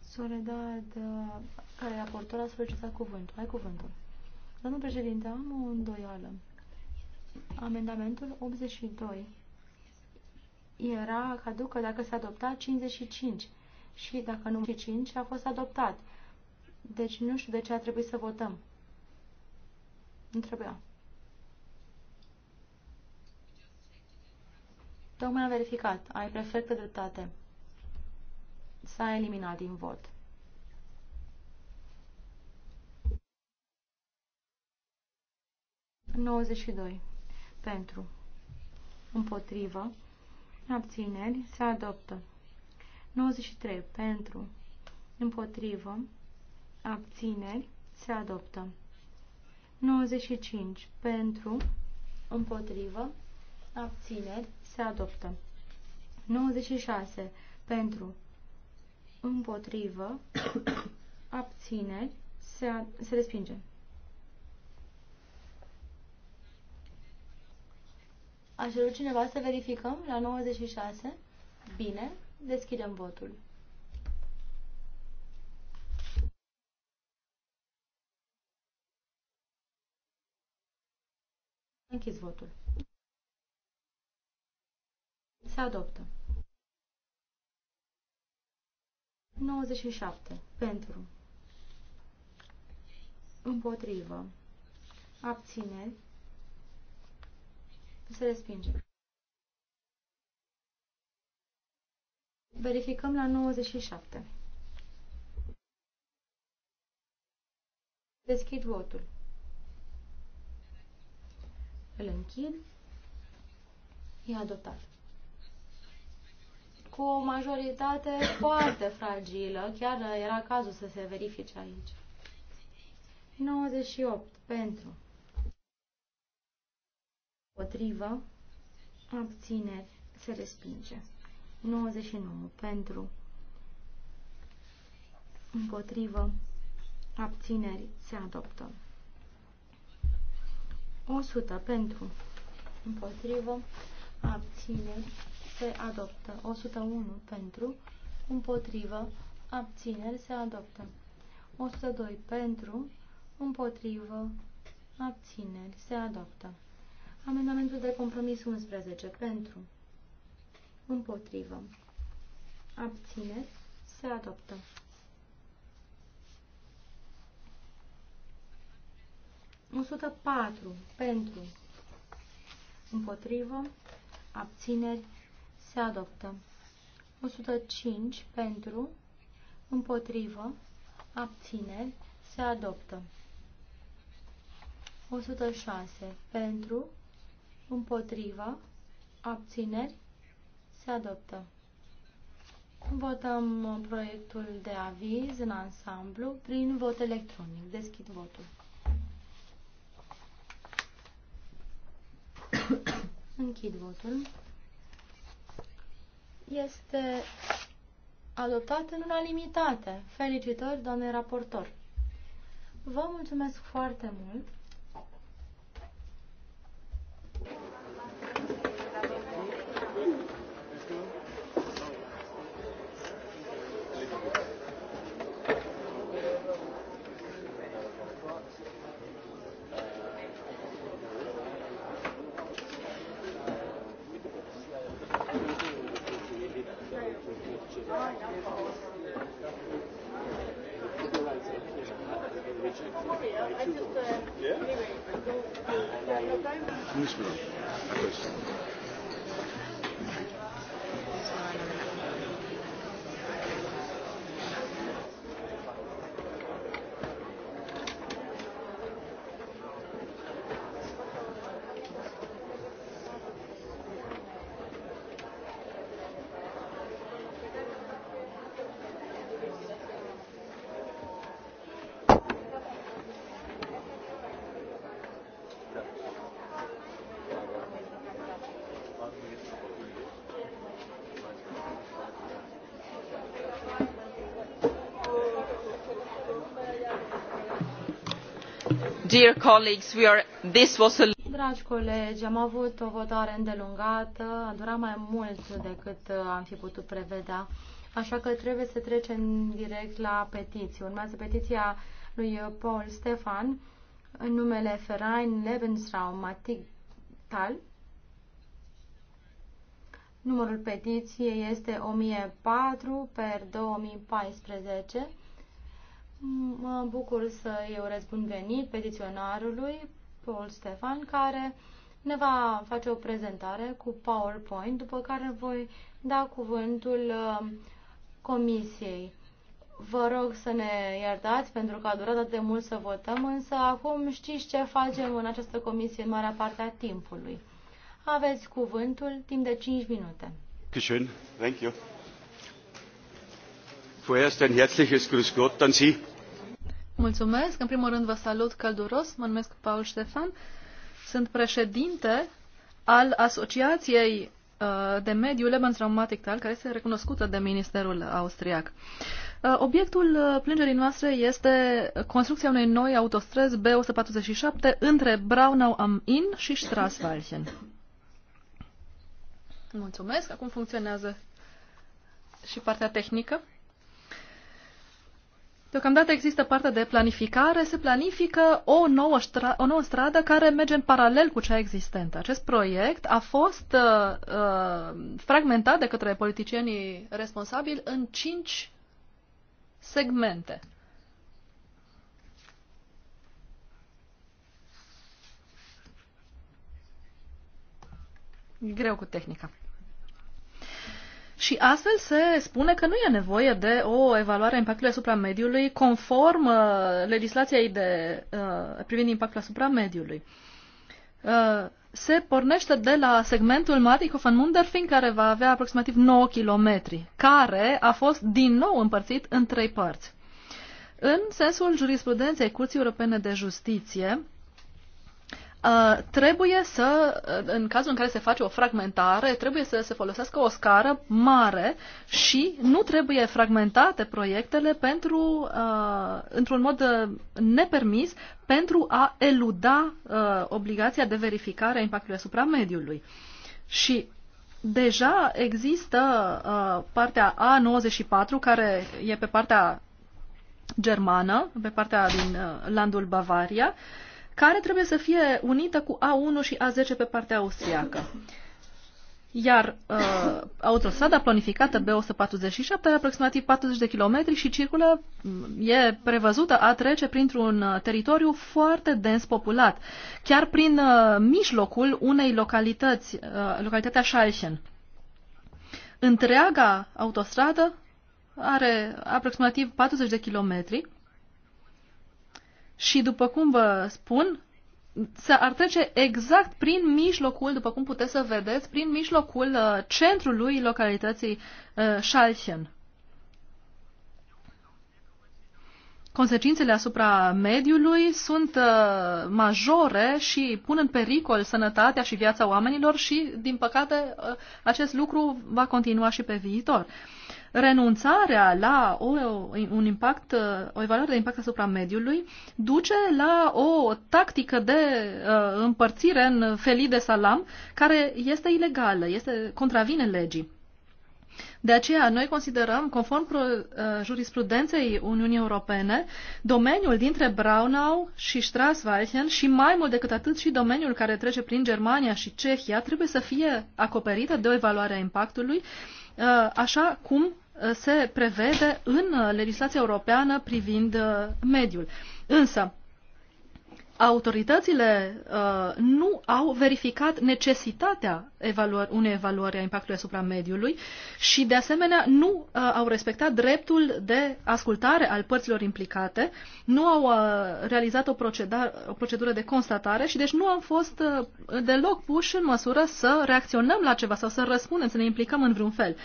Soledad, care e raportor, a solicitat cuvântul. Ai cuvântul. Domnul președinte, am o îndoială. Amendamentul 82 era caducă dacă s-a adoptat 55 și dacă nu 55 a fost adoptat. Deci nu știu de ce a trebuit să votăm. Nu trebuia. Tocmai am verificat. Ai perfectă dreptate. S-a eliminat din vot. ...92 pentru, împotrivă, abțineri, se adoptă. 93 pentru, împotrivă, abțineri, se adoptă. 95 pentru, împotrivă, abțineri, se adoptă. 96 pentru, împotrivă, abțineri, se, se respinge. Aș vrea cineva să verificăm la 96? Bine, deschidem votul. Închis votul. Se adoptă. 97. Pentru. Împotrivă. Abțineri. Se respinge. Verificăm la 97. Deschid votul. Îl închid. E adoptat. Cu o majoritate foarte fragilă, chiar era cazul să se verifice aici. 98 pentru. Potrivă. Abțineri. Se respinge. 99 pentru. Împotrivă. Abțineri. Se adoptă. 100 pentru, împotrivă, abțineri, se adoptă. 101 pentru, împotrivă, abțineri, se adoptă. 102 pentru, împotrivă, abțineri, se adoptă. Amendamentul de compromis 11 pentru, împotrivă, abțineri, se adoptă. 104 pentru, împotrivă, abțineri, se adoptă. 105 pentru, împotrivă, abțineri, se adoptă. 106 pentru, împotrivă, abțineri, se adoptă. Votăm proiectul de aviz în ansamblu prin vot electronic. Deschid votul. Închid votul. Este adoptat în unanimitate. Felicitări, doamne raportor! Vă mulțumesc foarte mult! Dear colleagues, we are, this was a... Dragi colegi, am avut o votare îndelungată, a durat mai mult decât uh, am fi putut prevedea, așa că trebuie să trecem direct la petiții. Urmează petiția lui Paul Stefan în numele Ferain Lebensraum Tal Numărul petiției este 1004 per 2014 Mă bucur să eu răspund venit petiționarului Paul Stefan, care ne va face o prezentare cu PowerPoint, după care voi da cuvântul uh, comisiei. Vă rog să ne iertați pentru că a durat atât de mult să votăm, însă acum știți ce facem în această comisie în marea parte a timpului. Aveți cuvântul timp de 5 minute. Thank you. Vorerst ein herzliches Grüß Gott an Sie. Mulțumesc. În primul rând vă salut călduros. Mă numesc Paul Ștefan. Sunt președinte al Asociației uh, de mediu Leben Tal, care este recunoscută de Ministerul Austriac. Uh, obiectul uh, plângerii noastre este construcția unei noi autostrăzi B147 între Braunau am Inn și Straßwalchen. Mulțumesc. Acum funcționează și partea tehnică. Deocamdată există parte de planificare, se planifică o nouă, stra- o nouă stradă care merge în paralel cu cea existentă. Acest proiect a fost uh, uh fragmentat de către politicienii responsabili în cinci segmente. Greu cu tehnica. Și astfel se spune că nu e nevoie de o evaluare a impactului asupra mediului conform uh, legislației de, uh, privind impactul asupra mediului. Uh, se pornește de la segmentul Matico van Munderfin, care va avea aproximativ 9 km, care a fost din nou împărțit în trei părți. În sensul jurisprudenței Curții Europene de Justiție, Uh, trebuie să, uh, în cazul în care se face o fragmentare, trebuie să se folosească o scară mare și nu trebuie fragmentate proiectele pentru, uh, într-un mod uh, nepermis pentru a eluda uh, obligația de verificare a impactului asupra mediului. Și deja există partea A94, care e pe partea germană, pe partea din landul Bavaria, uh, care trebuie să fie unită cu A1 și A10 pe partea austriacă. Iar uh, autostrada planificată B147 are aproximativ 40 de kilometri și circulă, mm, e prevăzută a trece printr-un uh, teritoriu foarte dens populat, chiar prin uh, mijlocul unei localități, uh, localitatea Schalchen. Întreaga autostradă are aproximativ 40 de kilometri și, după cum vă spun, să ar trece exact prin mijlocul, după cum puteți să vedeți, prin mijlocul uh, centrului localității uh, Schalchen. Consecințele asupra mediului sunt uh, majore și pun în pericol sănătatea și viața oamenilor și, din păcate, uh, acest lucru va continua și pe viitor renunțarea la o, un impact, o evaluare de impact asupra mediului duce la o tactică de uh, împărțire în felii de salam care este ilegală, este contravine legii. De aceea, noi considerăm, conform uh, jurisprudenței Uniunii Europene, domeniul dintre Braunau și Strasweichen și mai mult decât atât și domeniul care trece prin Germania și Cehia trebuie să fie acoperită de o evaluare a impactului Uh, așa cum uh, se prevede în uh, legislația europeană privind mediul. Însă, autoritățile uh, nu au verificat necesitatea evaluări, unei evaluări a impactului asupra mediului și, de asemenea, nu uh, au respectat dreptul de ascultare al părților implicate, nu au uh, realizat o, proceda, o procedură de constatare și, deci, nu am fost uh, deloc puși în măsură să reacționăm la ceva sau să răspundem, să ne implicăm în vreun fel.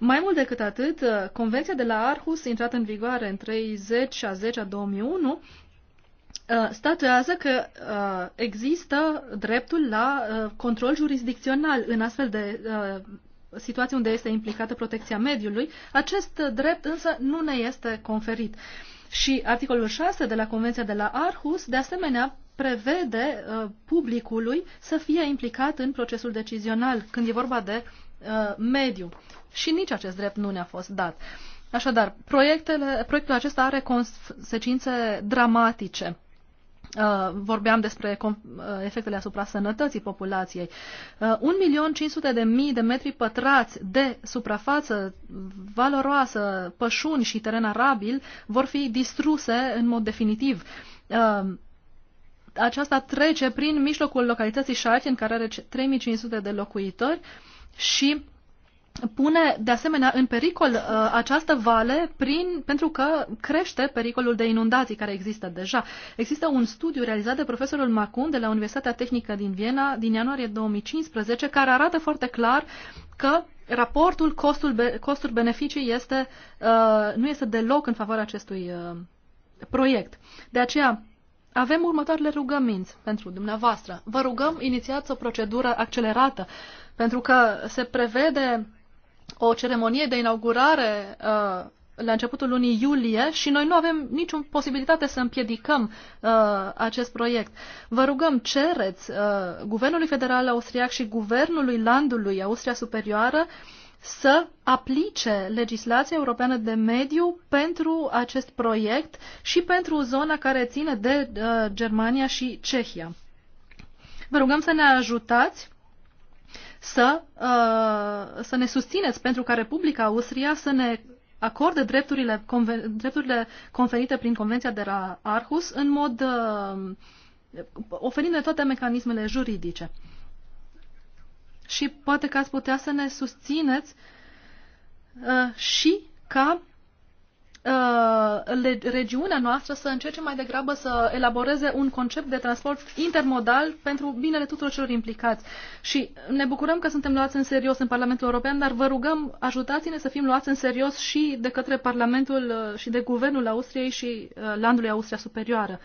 Mai mult decât atât, uh, Convenția de la Arhus, intrată în vigoare în 30 a 10 a 2001, Uh, statuează că uh, există dreptul la uh, control jurisdicțional în astfel de situații unde este implicată protecția mediului. Acest drept însă nu ne este conferit. Și articolul 6 de la Convenția de la Arhus, de asemenea, prevede publicului să fie implicat în procesul decizional când e vorba de mediu. Și nici acest drept nu ne-a fost dat. Așadar, proiectul acesta are consecințe dramatice Uh, vorbeam despre uh, efectele asupra sănătății populației. 1.500.000 uh, de metri pătrați de suprafață valoroasă, pășuni și teren arabil vor fi distruse în mod definitiv. Aceasta trece prin mijlocul localității Shati, în care are 3500 de locuitori și pune de asemenea în pericol uh, această vale prin, pentru că crește pericolul de inundații care există deja. Există un studiu realizat de profesorul Macun de la Universitatea Tehnică din Viena din ianuarie 2015 care arată foarte clar că raportul costul, costuri-beneficii este, uh, nu este deloc în favoarea acestui uh, proiect. De aceea, avem următoarele rugăminți pentru dumneavoastră. Vă rugăm inițiați o procedură accelerată, pentru că se prevede o ceremonie de inaugurare uh, la începutul lunii iulie și noi nu avem niciun posibilitate să împiedicăm uh, acest proiect. Vă rugăm, cereți uh, Guvernului Federal Austriac și Guvernului Landului Austria Superioară să aplice legislația europeană de mediu pentru acest proiect și pentru zona care ține de uh, Germania și Cehia. Vă rugăm să ne ajutați să, uh, să ne susțineți pentru ca Republica Austria să ne acorde drepturile, conven, drepturile conferite prin Convenția de la Arhus în mod uh, oferindu-ne toate mecanismele juridice. Și poate că ați putea să ne susțineți uh, și ca Uh, regiunea noastră să încerce mai degrabă să elaboreze un concept de transport intermodal pentru binele tuturor celor implicați. Și ne bucurăm că suntem luați în serios în Parlamentul European, dar vă rugăm, ajutați-ne să fim luați în serios și de către Parlamentul uh, și de Guvernul Austriei și uh, Landului Austria Superioară.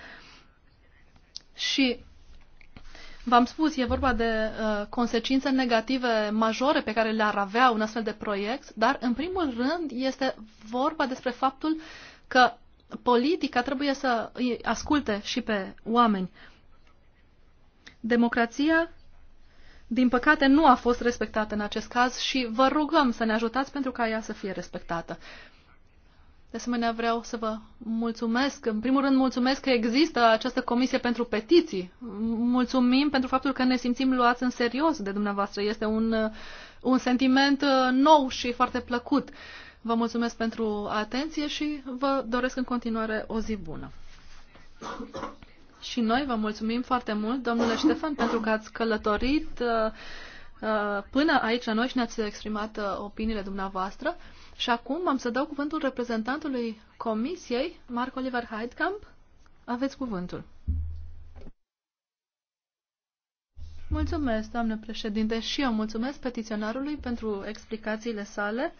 Și V-am spus, e vorba de uh, consecințe negative majore pe care le-ar avea un astfel de proiect, dar în primul rând este vorba despre faptul că politica trebuie să îi asculte și pe oameni. Democrația, din păcate, nu a fost respectată în acest caz și vă rugăm să ne ajutați pentru ca ea să fie respectată. Uh, de asemenea, vreau să vă mulțumesc. În primul rând, mulțumesc că există această comisie pentru petiții. Mulțumim pentru faptul că ne simțim luați în serios de dumneavoastră. Este un, un sentiment uh, nou și foarte plăcut. Vă mulțumesc pentru atenție și vă doresc în continuare o zi bună. Și noi vă mulțumim foarte mult, domnule Ștefan, pentru că ați călătorit uh, uh, până aici la noi și ne-ați exprimat opiniile dumneavoastră. Și acum am să dau cuvântul reprezentantului Comisiei, Mark Oliver Heidkamp. Aveți cuvântul. Mulțumesc, doamnă președinte, și eu mulțumesc petiționarului pentru explicațiile sale.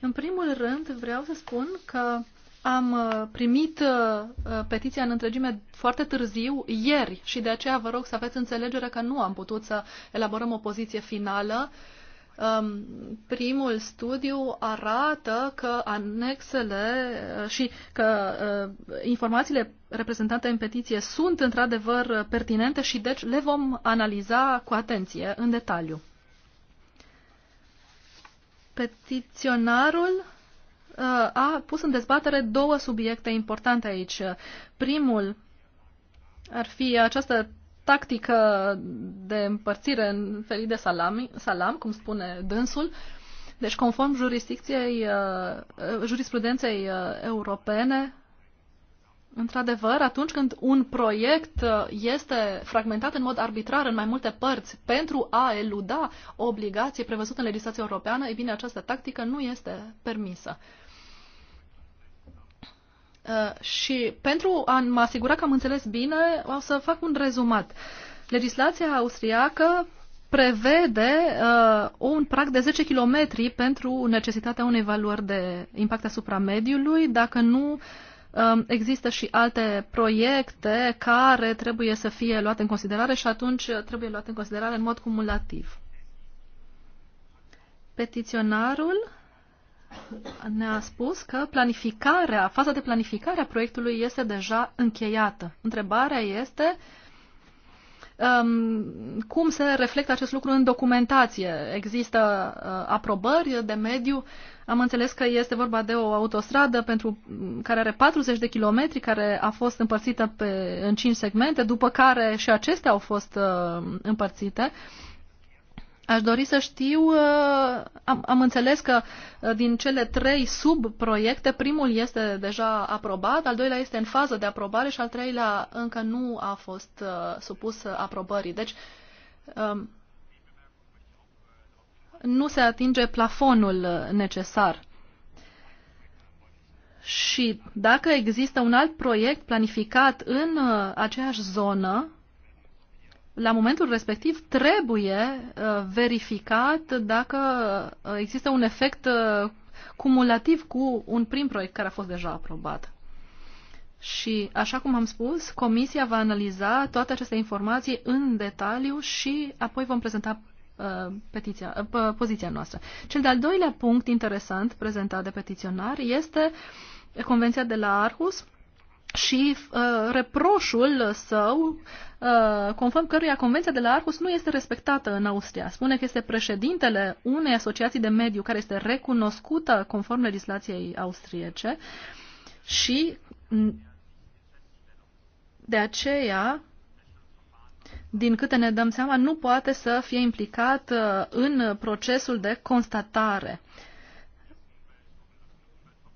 În primul rând, vreau să spun că am uh, primit uh, uh, petiția în întregime foarte târziu, ieri, și de aceea vă rog să aveți înțelegere că nu am putut să elaborăm o poziție finală Um, primul studiu arată că anexele uh, și că uh, informațiile reprezentate în petiție sunt într-adevăr pertinente și deci le vom analiza cu atenție, în detaliu. Petiționarul uh, a pus în dezbatere două subiecte importante aici. Primul ar fi această tactică de împărțire în felii de salami, salam, cum spune dânsul. Deci, conform jurisdicției, uh, uh, jurisprudenței uh, europene, Într-adevăr, atunci când un proiect este fragmentat în mod arbitrar în mai multe părți pentru a eluda o obligație prevăzută în legislația europeană, e bine, această tactică nu este permisă. Uh, și pentru a mă asigura că am înțeles bine, o să fac un rezumat. Legislația austriacă prevede uh, un prag de 10 km pentru necesitatea unei valori de impact asupra mediului, dacă nu uh, există și alte proiecte care trebuie să fie luate în considerare și atunci trebuie luate în considerare în mod cumulativ. Petiționarul ne-a spus că planificarea, faza de planificare a proiectului este deja încheiată. Întrebarea este um, cum se reflectă acest lucru în documentație. Există uh, aprobări de mediu. Am înțeles că este vorba de o autostradă pentru, mm, care are 40 de kilometri, care a fost împărțită pe, în 5 segmente, după care și acestea au fost uh, împărțite. Uh, Aș dori să știu, uh, am, am înțeles că uh, din cele trei subproiecte, primul este deja aprobat, al doilea este în fază de aprobare și al treilea încă nu a fost uh, supus aprobării. Deci um, nu se atinge plafonul necesar. Și dacă există un alt proiect planificat în aceeași zonă, la momentul respectiv trebuie uh, verificat dacă uh, există un efect uh, cumulativ cu un prim proiect care a fost deja aprobat. Și, așa cum am spus, comisia va analiza toate aceste informații în detaliu și apoi vom prezenta petiția, poziția noastră. Cel de-al doilea punct interesant prezentat de petiționar este Convenția de la Arhus, și uh, reproșul său, uh, conform căruia Convenția de la Arhus nu este respectată în Austria. Spune că este președintele unei asociații de mediu care este recunoscută conform legislației austriece și mm, de aceea, din câte ne dăm seama, nu poate să fie implicat uh, în procesul de constatare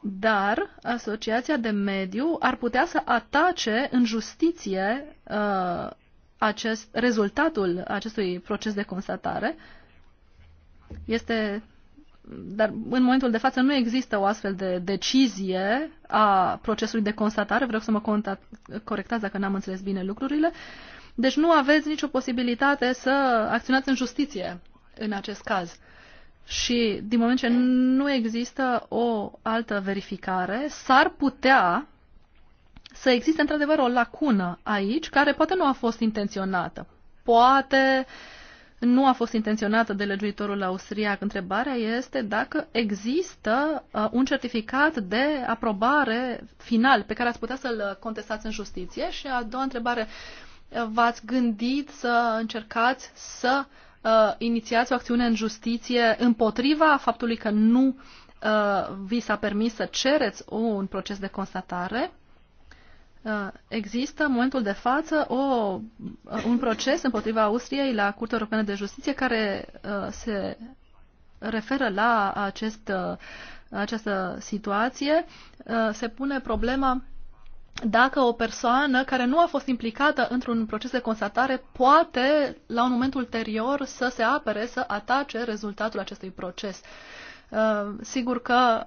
dar Asociația de Mediu ar putea să atace în justiție uh, acest, rezultatul acestui proces de constatare. Este, dar în momentul de față nu există o astfel de decizie a procesului de constatare. Vreau să mă corectați dacă n-am înțeles bine lucrurile. Deci nu aveți nicio posibilitate să acționați în justiție în acest caz. Uh, și din moment ce nu există o altă verificare, s-ar putea să existe într-adevăr o lacună aici care poate nu a fost intenționată. Poate nu a fost intenționată de legiuitorul austriac. Întrebarea este dacă există uh, un certificat de aprobare final pe care ați putea să-l contestați în justiție. Și a doua întrebare, v-ați gândit să încercați să uh, uh, inițiați o acțiune în justiție împotriva faptului că nu uh, vi s-a permis să cereți un proces de constatare. Uh, există în momentul de față o, uh, un proces împotriva Austriei la Curtea Europeană de Justiție care uh, se referă la acest, uh, această situație. Uh, se pune problema dacă o persoană care nu a fost implicată într-un proces de constatare poate, la un moment ulterior, să se apere, să atace rezultatul acestui proces. Uh, sigur că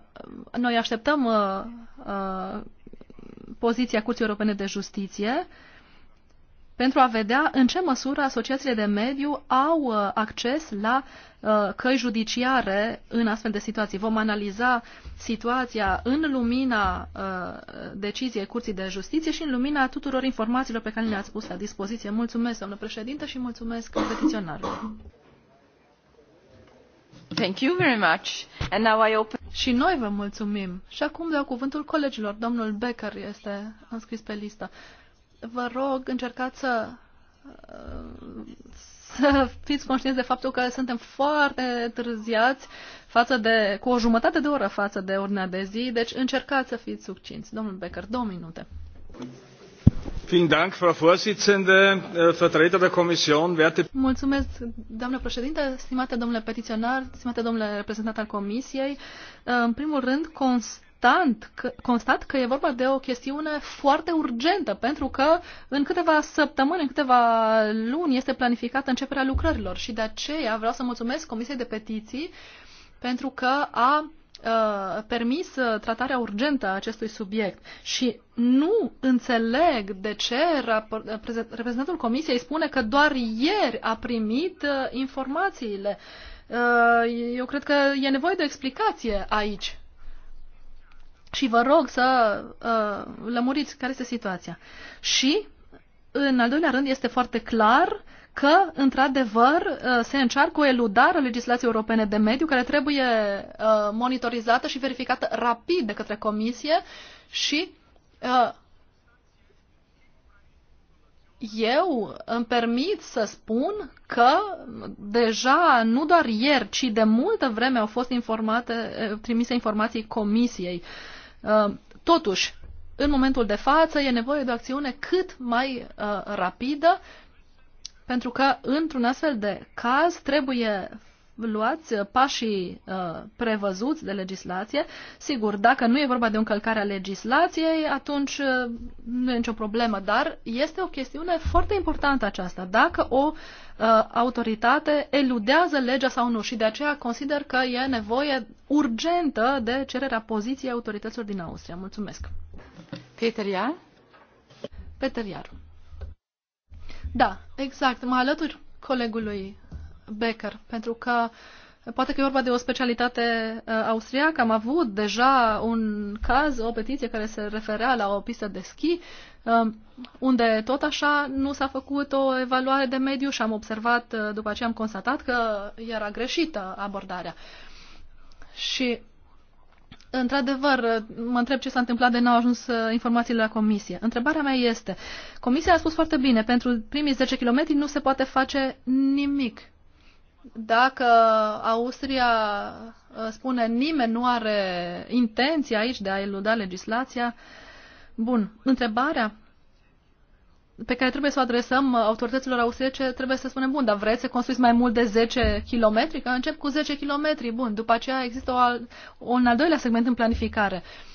noi așteptăm uh, uh, poziția Curții Europene de Justiție pentru a vedea în ce măsură asociațiile de mediu au uh, acces la uh, căi judiciare în astfel de situații. Vom analiza situația în lumina uh, deciziei Curții de Justiție și în lumina tuturor informațiilor pe care le-ați pus la dispoziție. Mulțumesc, doamnă președinte, și mulțumesc petiționarului. Thank you very much. And now I open... Și noi vă mulțumim. Și acum dau cuvântul colegilor. Domnul Becker este înscris pe listă vă rog, încercați să, uh, să fiți conștienți de faptul că suntem foarte târziați față de, cu o jumătate de oră față de ordinea de zi, deci încercați să fiți succinți. Domnul Becker, două minute. Äh, Mulțumesc, doamnă președinte, stimate domnule petiționar, stimate domnule reprezentant al Comisiei. În primul rând, const- constant, că, constat că e vorba de o chestiune foarte urgentă, pentru că în câteva săptămâni, în câteva luni este planificată începerea lucrărilor și de aceea vreau să mulțumesc Comisiei de Petiții pentru că a permis uh, tratarea urgentă a acestui subiect și nu înțeleg de ce reprezentantul Comisiei spune că doar ieri a primit uh, informațiile. Uh, eu cred că e nevoie de o explicație aici. Și vă rog să uh, lămuriți care este situația. Și, în al doilea rând, este foarte clar că, într-adevăr, uh, se încearcă o eludare a legislației europene de mediu, care trebuie uh, monitorizată și verificată rapid de către Comisie și uh, eu îmi permit să spun că deja, nu doar ieri, ci de multă vreme au fost informate, trimise informații comisiei. Uh, Uh, totuși, în momentul de față e nevoie de o acțiune cât mai uh, rapidă, pentru că într-un astfel de caz trebuie luați uh, pașii uh, prevăzuți de legislație. Sigur, dacă nu e vorba de o încălcare a legislației, atunci uh, nu e nicio problemă, dar este o chestiune foarte importantă aceasta. Dacă o uh, autoritate eludează legea sau nu și de aceea consider că e nevoie urgentă de cererea poziției autorităților din Austria. Mulțumesc. Peter Iar? Peter Iar. Da, exact. Mă alătur colegului Becker, pentru că poate că e vorba de o specialitate uh, austriacă. Am avut deja un caz, o petiție care se referea la o pistă de schi, um, unde tot așa nu s-a făcut o evaluare de mediu și am observat, uh, după aceea am constatat că era greșită abordarea. Și într-adevăr, mă întreb ce s-a întâmplat de n-au ajuns uh, informațiile la comisie. Întrebarea mea este, comisia a spus foarte bine, pentru primii 10 km nu se poate face nimic dacă Austria uh, spune nimeni nu are intenție aici de a eluda legislația, bun, întrebarea pe care trebuie să o adresăm uh, autorităților austriece, trebuie să spunem, bun, dar vreți să construiți mai mult de 10 km? Că încep cu 10 km, bun, după aceea există o al, un al doilea segment în planificare. Uh,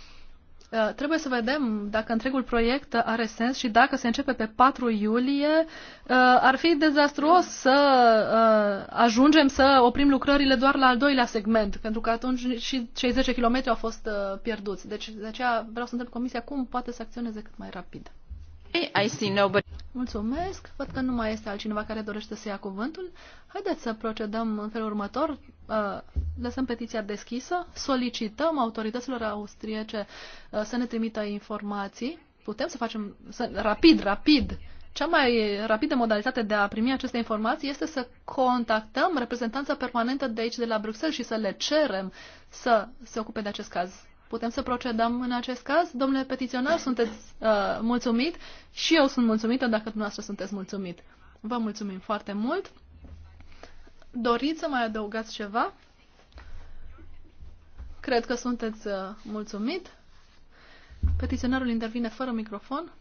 Uh, trebuie să vedem dacă întregul proiect are sens și dacă se începe pe 4 iulie, uh, ar fi dezastruos să uh, ajungem să oprim lucrările doar la al doilea segment, pentru că atunci și cei 10 km au fost pierduți. Deci de aceea vreau să întreb Comisia cum poate să acționeze cât mai rapid. Mulțumesc. Văd că nu mai este altcineva care dorește să ia cuvântul. Haideți să procedăm în felul următor. Uh, lăsăm petiția deschisă, solicităm autorităților austriece uh, să ne trimită informații. Putem să facem să, rapid, rapid. Cea mai rapidă modalitate de a primi aceste informații este să contactăm reprezentanța permanentă de aici, de la Bruxelles, și să le cerem să se ocupe de acest caz. Putem să procedăm în acest caz? Domnule petiționar, sunteți uh, mulțumit? Și eu sunt mulțumită dacă dumneavoastră sunteți mulțumit. Vă mulțumim foarte mult. Doriți să mai adăugați ceva? Cred că sunteți uh, mulțumit. Petiționarul intervine fără microfon.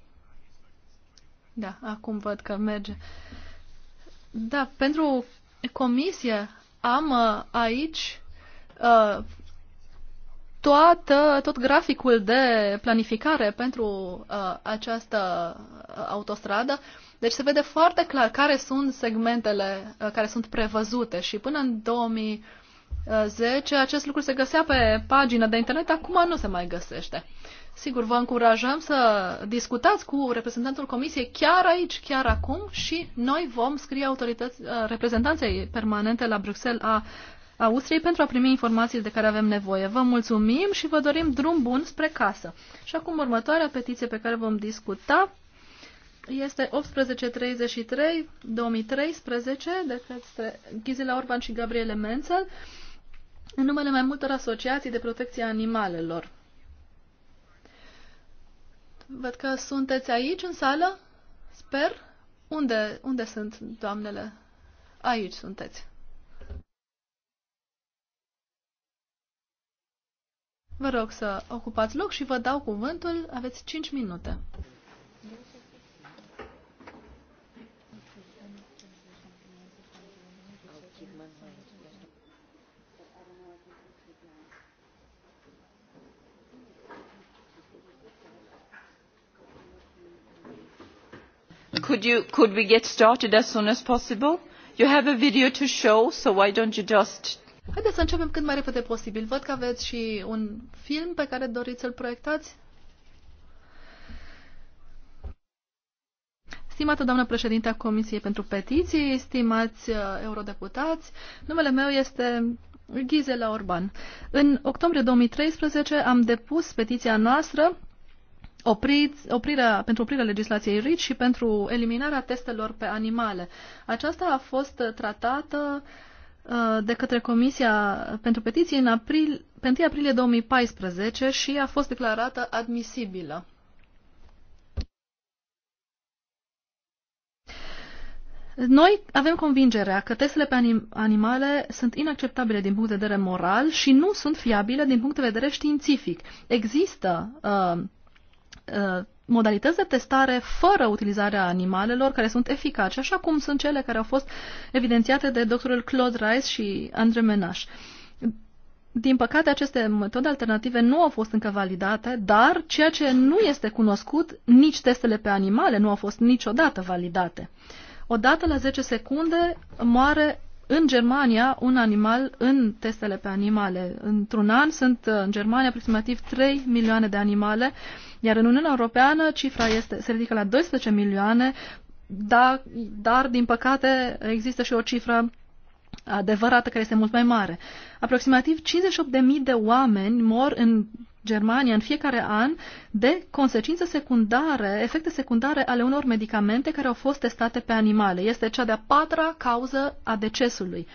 Da, acum văd că merge. Da, pentru comisie am uh, aici uh, toată, tot graficul de planificare pentru uh, această uh, autostradă. Deci se vede foarte clar care sunt segmentele uh, care sunt prevăzute și până în 2010 acest lucru se găsea pe pagina de internet, acum nu se mai găsește. Sigur, vă încurajăm să discutați cu reprezentantul Comisiei chiar aici, chiar acum și noi vom scrie autorități, uh, reprezentanței permanente la Bruxelles a Austriei pentru a primi informațiile de care avem nevoie. Vă mulțumim și vă dorim drum bun spre casă. Și acum următoarea petiție pe care vom discuta este 1833-2013 de către Ghizila Orban și Gabriele Menzel în numele mai multor asociații de protecție a animalelor. Văd că sunteți aici în sală, sper. Unde, unde sunt doamnele? Aici sunteți. Vă rog să ocupați loc și vă dau cuvântul. Aveți 5 minute. Could, you, could we get started as soon as possible? You have a video to show, so why don't you just Haideți să începem cât mai repede posibil. Văd că aveți și un film pe care doriți să-l proiectați. Stimată doamnă președinte a Comisiei pentru Petiții, stimați uh, eurodeputați, numele meu este Ghizela Orban. În octombrie 2013 am depus petiția noastră opriți, oprirea, pentru oprirea legislației RIC și pentru eliminarea testelor pe animale. Aceasta a fost tratată uh, Uh, de către Comisia pentru Petiții în april, pe 1 aprilie 2014 și a fost declarată admisibilă. Noi avem convingerea că testele pe anim animale sunt inacceptabile din punct de vedere moral și nu sunt fiabile din punct de vedere științific. Există uh, uh, modalități de testare fără utilizarea animalelor care sunt eficace, așa cum sunt cele care au fost evidențiate de doctorul Claude Rice și Andre Menaș. Din păcate, aceste metode alternative nu au fost încă validate, dar ceea ce nu este cunoscut, nici testele pe animale nu au fost niciodată validate. Odată la 10 secunde moare în Germania un animal în testele pe animale. Într-un an sunt în Germania aproximativ 3 milioane de animale uh, iar în Uniunea Europeană cifra este, se ridică la 12 milioane, da, dar din păcate există și o cifră adevărată care este mult mai mare. Aproximativ 58.000 de oameni mor în Germania în fiecare an de consecințe secundare, efecte secundare ale unor medicamente care au fost testate pe animale. Este cea de-a patra cauză a decesului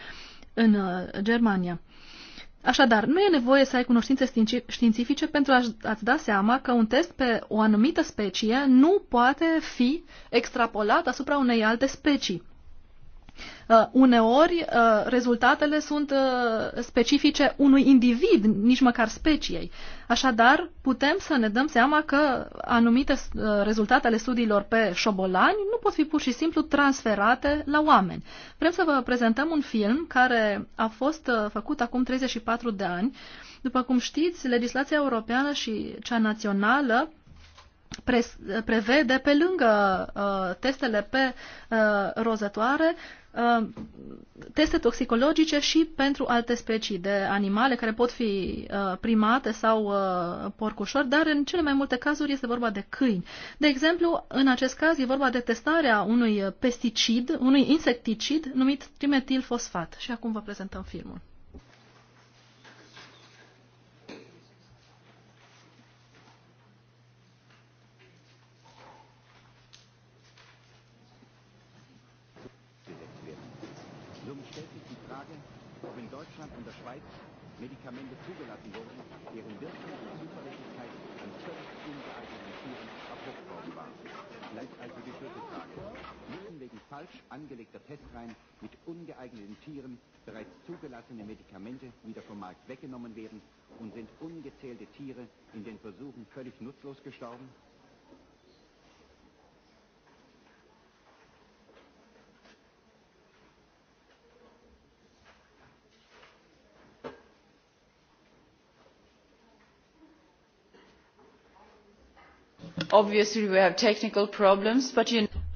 în uh, Germania. Așadar, nu e nevoie să ai cunoștințe științifice pentru a-ți da seama că un test pe o anumită specie nu poate fi extrapolat asupra unei alte specii. Uh, uneori, uh, rezultatele sunt uh, specifice unui individ, nici măcar speciei. Așadar, putem să ne dăm seama că anumite rezultate ale studiilor pe șobolani nu pot fi pur și simplu transferate la oameni. Vrem să vă prezentăm un film care a fost făcut acum 34 de ani. După cum știți, legislația europeană și cea națională prevede pe lângă uh, testele pe uh, rozătoare Uh, teste toxicologice și pentru alte specii de animale care pot fi uh, primate sau uh, porcușori, dar în cele mai multe cazuri este vorba de câini. De exemplu, în acest caz e vorba de testarea unui pesticid, unui insecticid numit trimetilfosfat. Și acum vă prezentăm filmul. Deutschland und der Schweiz Medikamente zugelassen wurden, deren Wirkung und Zuverlässigkeit an völlig ungeeigneten Tieren erprobt worden war. Vielleicht also die Frage. Müssen wegen falsch angelegter Testreihen mit ungeeigneten Tieren bereits zugelassene Medikamente wieder vom Markt weggenommen werden und sind ungezählte Tiere in den Versuchen völlig nutzlos gestorben?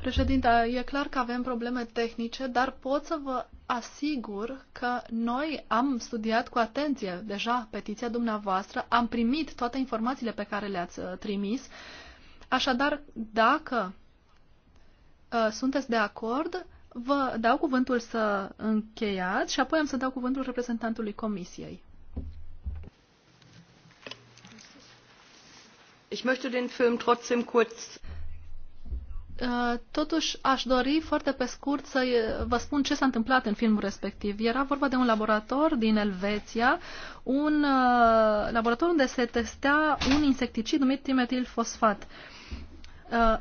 președinte e clar că avem probleme tehnice, dar pot să vă asigur că noi am studiat cu atenție deja petiția dumneavoastră, am primit toate informațiile pe care le-ați uh, trimis. Așadar, dacă uh, sunteți de acord, vă dau cuvântul să încheiați și apoi am să dau cuvântul reprezentantului Comisiei. Ich möchte den Film trotzdem kurz uh, Totuși, aș dori foarte pe scurt să uh, vă spun ce s-a întâmplat în filmul respectiv. Era vorba de un laborator din Elveția, un uh, laborator unde se testa un insecticid numit trimetilfosfat.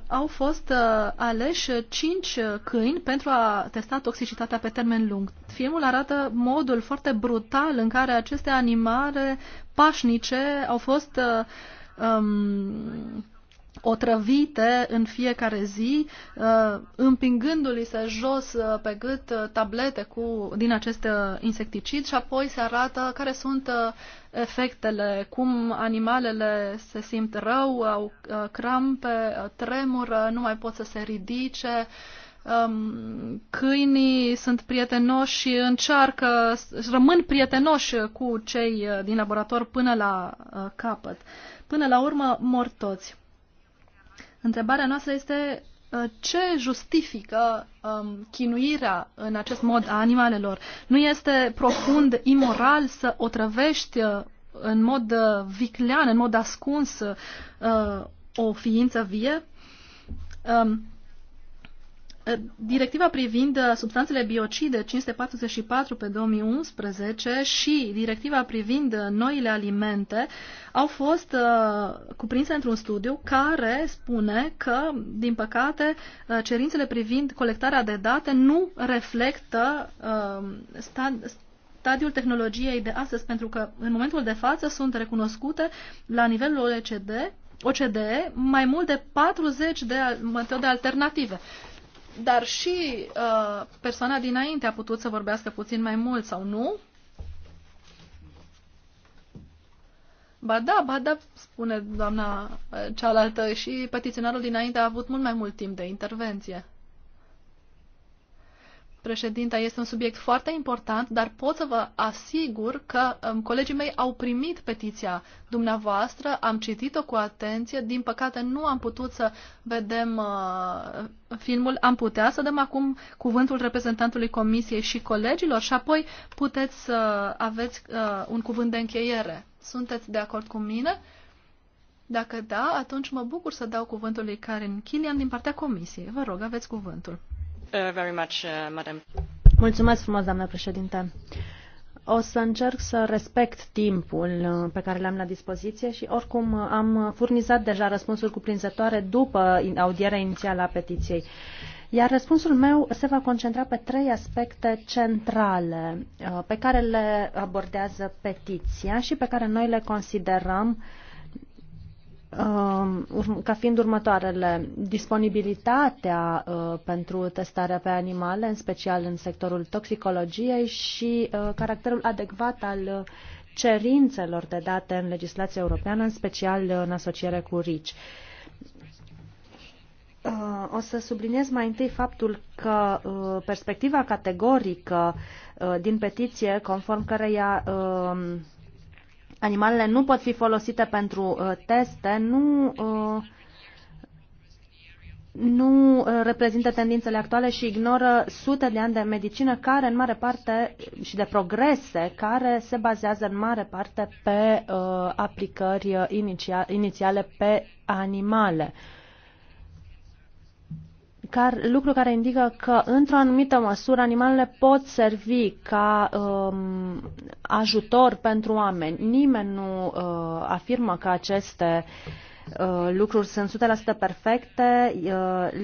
Au fost aleși cinci câini pentru a testa toxicitatea pe termen lung. Filmul arată modul foarte brutal în care aceste animale pașnice au fost uh, um, otrăvite în fiecare zi, uh, împingându-li se jos uh, pe gât uh, tablete cu, din acest insecticid și apoi se arată care sunt efectele, cum animalele se simt rău, au crampe, tremură, nu mai pot să se ridice, um, câinii sunt prietenoși și încearcă, rămân prietenoși cu cei din laborator până la capăt. Până la urmă, mor toți. Întrebarea noastră este uh, ce justifică um, chinuirea în acest mod a animalelor? Nu este profund imoral să otrăvești uh, în mod uh, viclean, în mod ascuns uh, o ființă vie? Um, Directiva privind uh, substanțele biocide 544 pe 2011 și directiva privind uh, noile alimente au fost uh, cuprinse într-un studiu care spune că, din păcate, uh, cerințele privind colectarea de date nu reflectă uh, stadiul tehnologiei de astăzi, pentru că în momentul de față sunt recunoscute la nivelul OECD OCDE mai mult de 40 de metode alternative dar și uh, persoana dinainte a putut să vorbească puțin mai mult sau nu? Ba da, ba da, spune doamna uh, cealaltă și petiționarul dinainte a avut mult mai mult timp de intervenție președinta, este un subiect foarte important, dar pot să vă asigur că um, colegii mei au primit petiția dumneavoastră, am citit-o cu atenție, din păcate nu am putut să vedem uh, filmul, am putea să dăm acum cuvântul reprezentantului comisiei și colegilor și apoi puteți să aveți uh, un cuvânt de încheiere. Sunteți de acord cu mine? Dacă da, atunci mă bucur să dau cuvântul lui Karin Kilian din partea comisiei. Vă rog, aveți cuvântul. Uh, uh, doamnă președinte. O să încerc să respect timpul uh, pe care l-am la dispoziție și oricum am furnizat deja răspunsuri cuprinzătoare după audierea inițială a petiției. Iar răspunsul meu se va concentra pe trei aspecte centrale pe care le abordează petiția și pe care noi le considerăm Um, ca fiind următoarele. Disponibilitatea uh, pentru testarea pe animale, în special în sectorul toxicologiei și uh, caracterul adecvat al uh, cerințelor de date în legislația europeană, în special în asociere cu RICI. O să subliniez mai întâi faptul că perspectiva categorică din petiție, conform căreia um, animalele nu pot fi folosite pentru uh, teste, nu, uh, nu uh, reprezintă tendințele actuale și ignoră sute de ani de medicină care în mare parte și de progrese care se bazează în mare parte pe uh, aplicări uh, inițiale pe animale car, lucru care indică că, într-o anumită măsură, animalele pot servi ca um, ajutor pentru oameni. Nimeni nu uh, afirmă că aceste uh, Uh, lucruri sunt 100% perfecte, uh,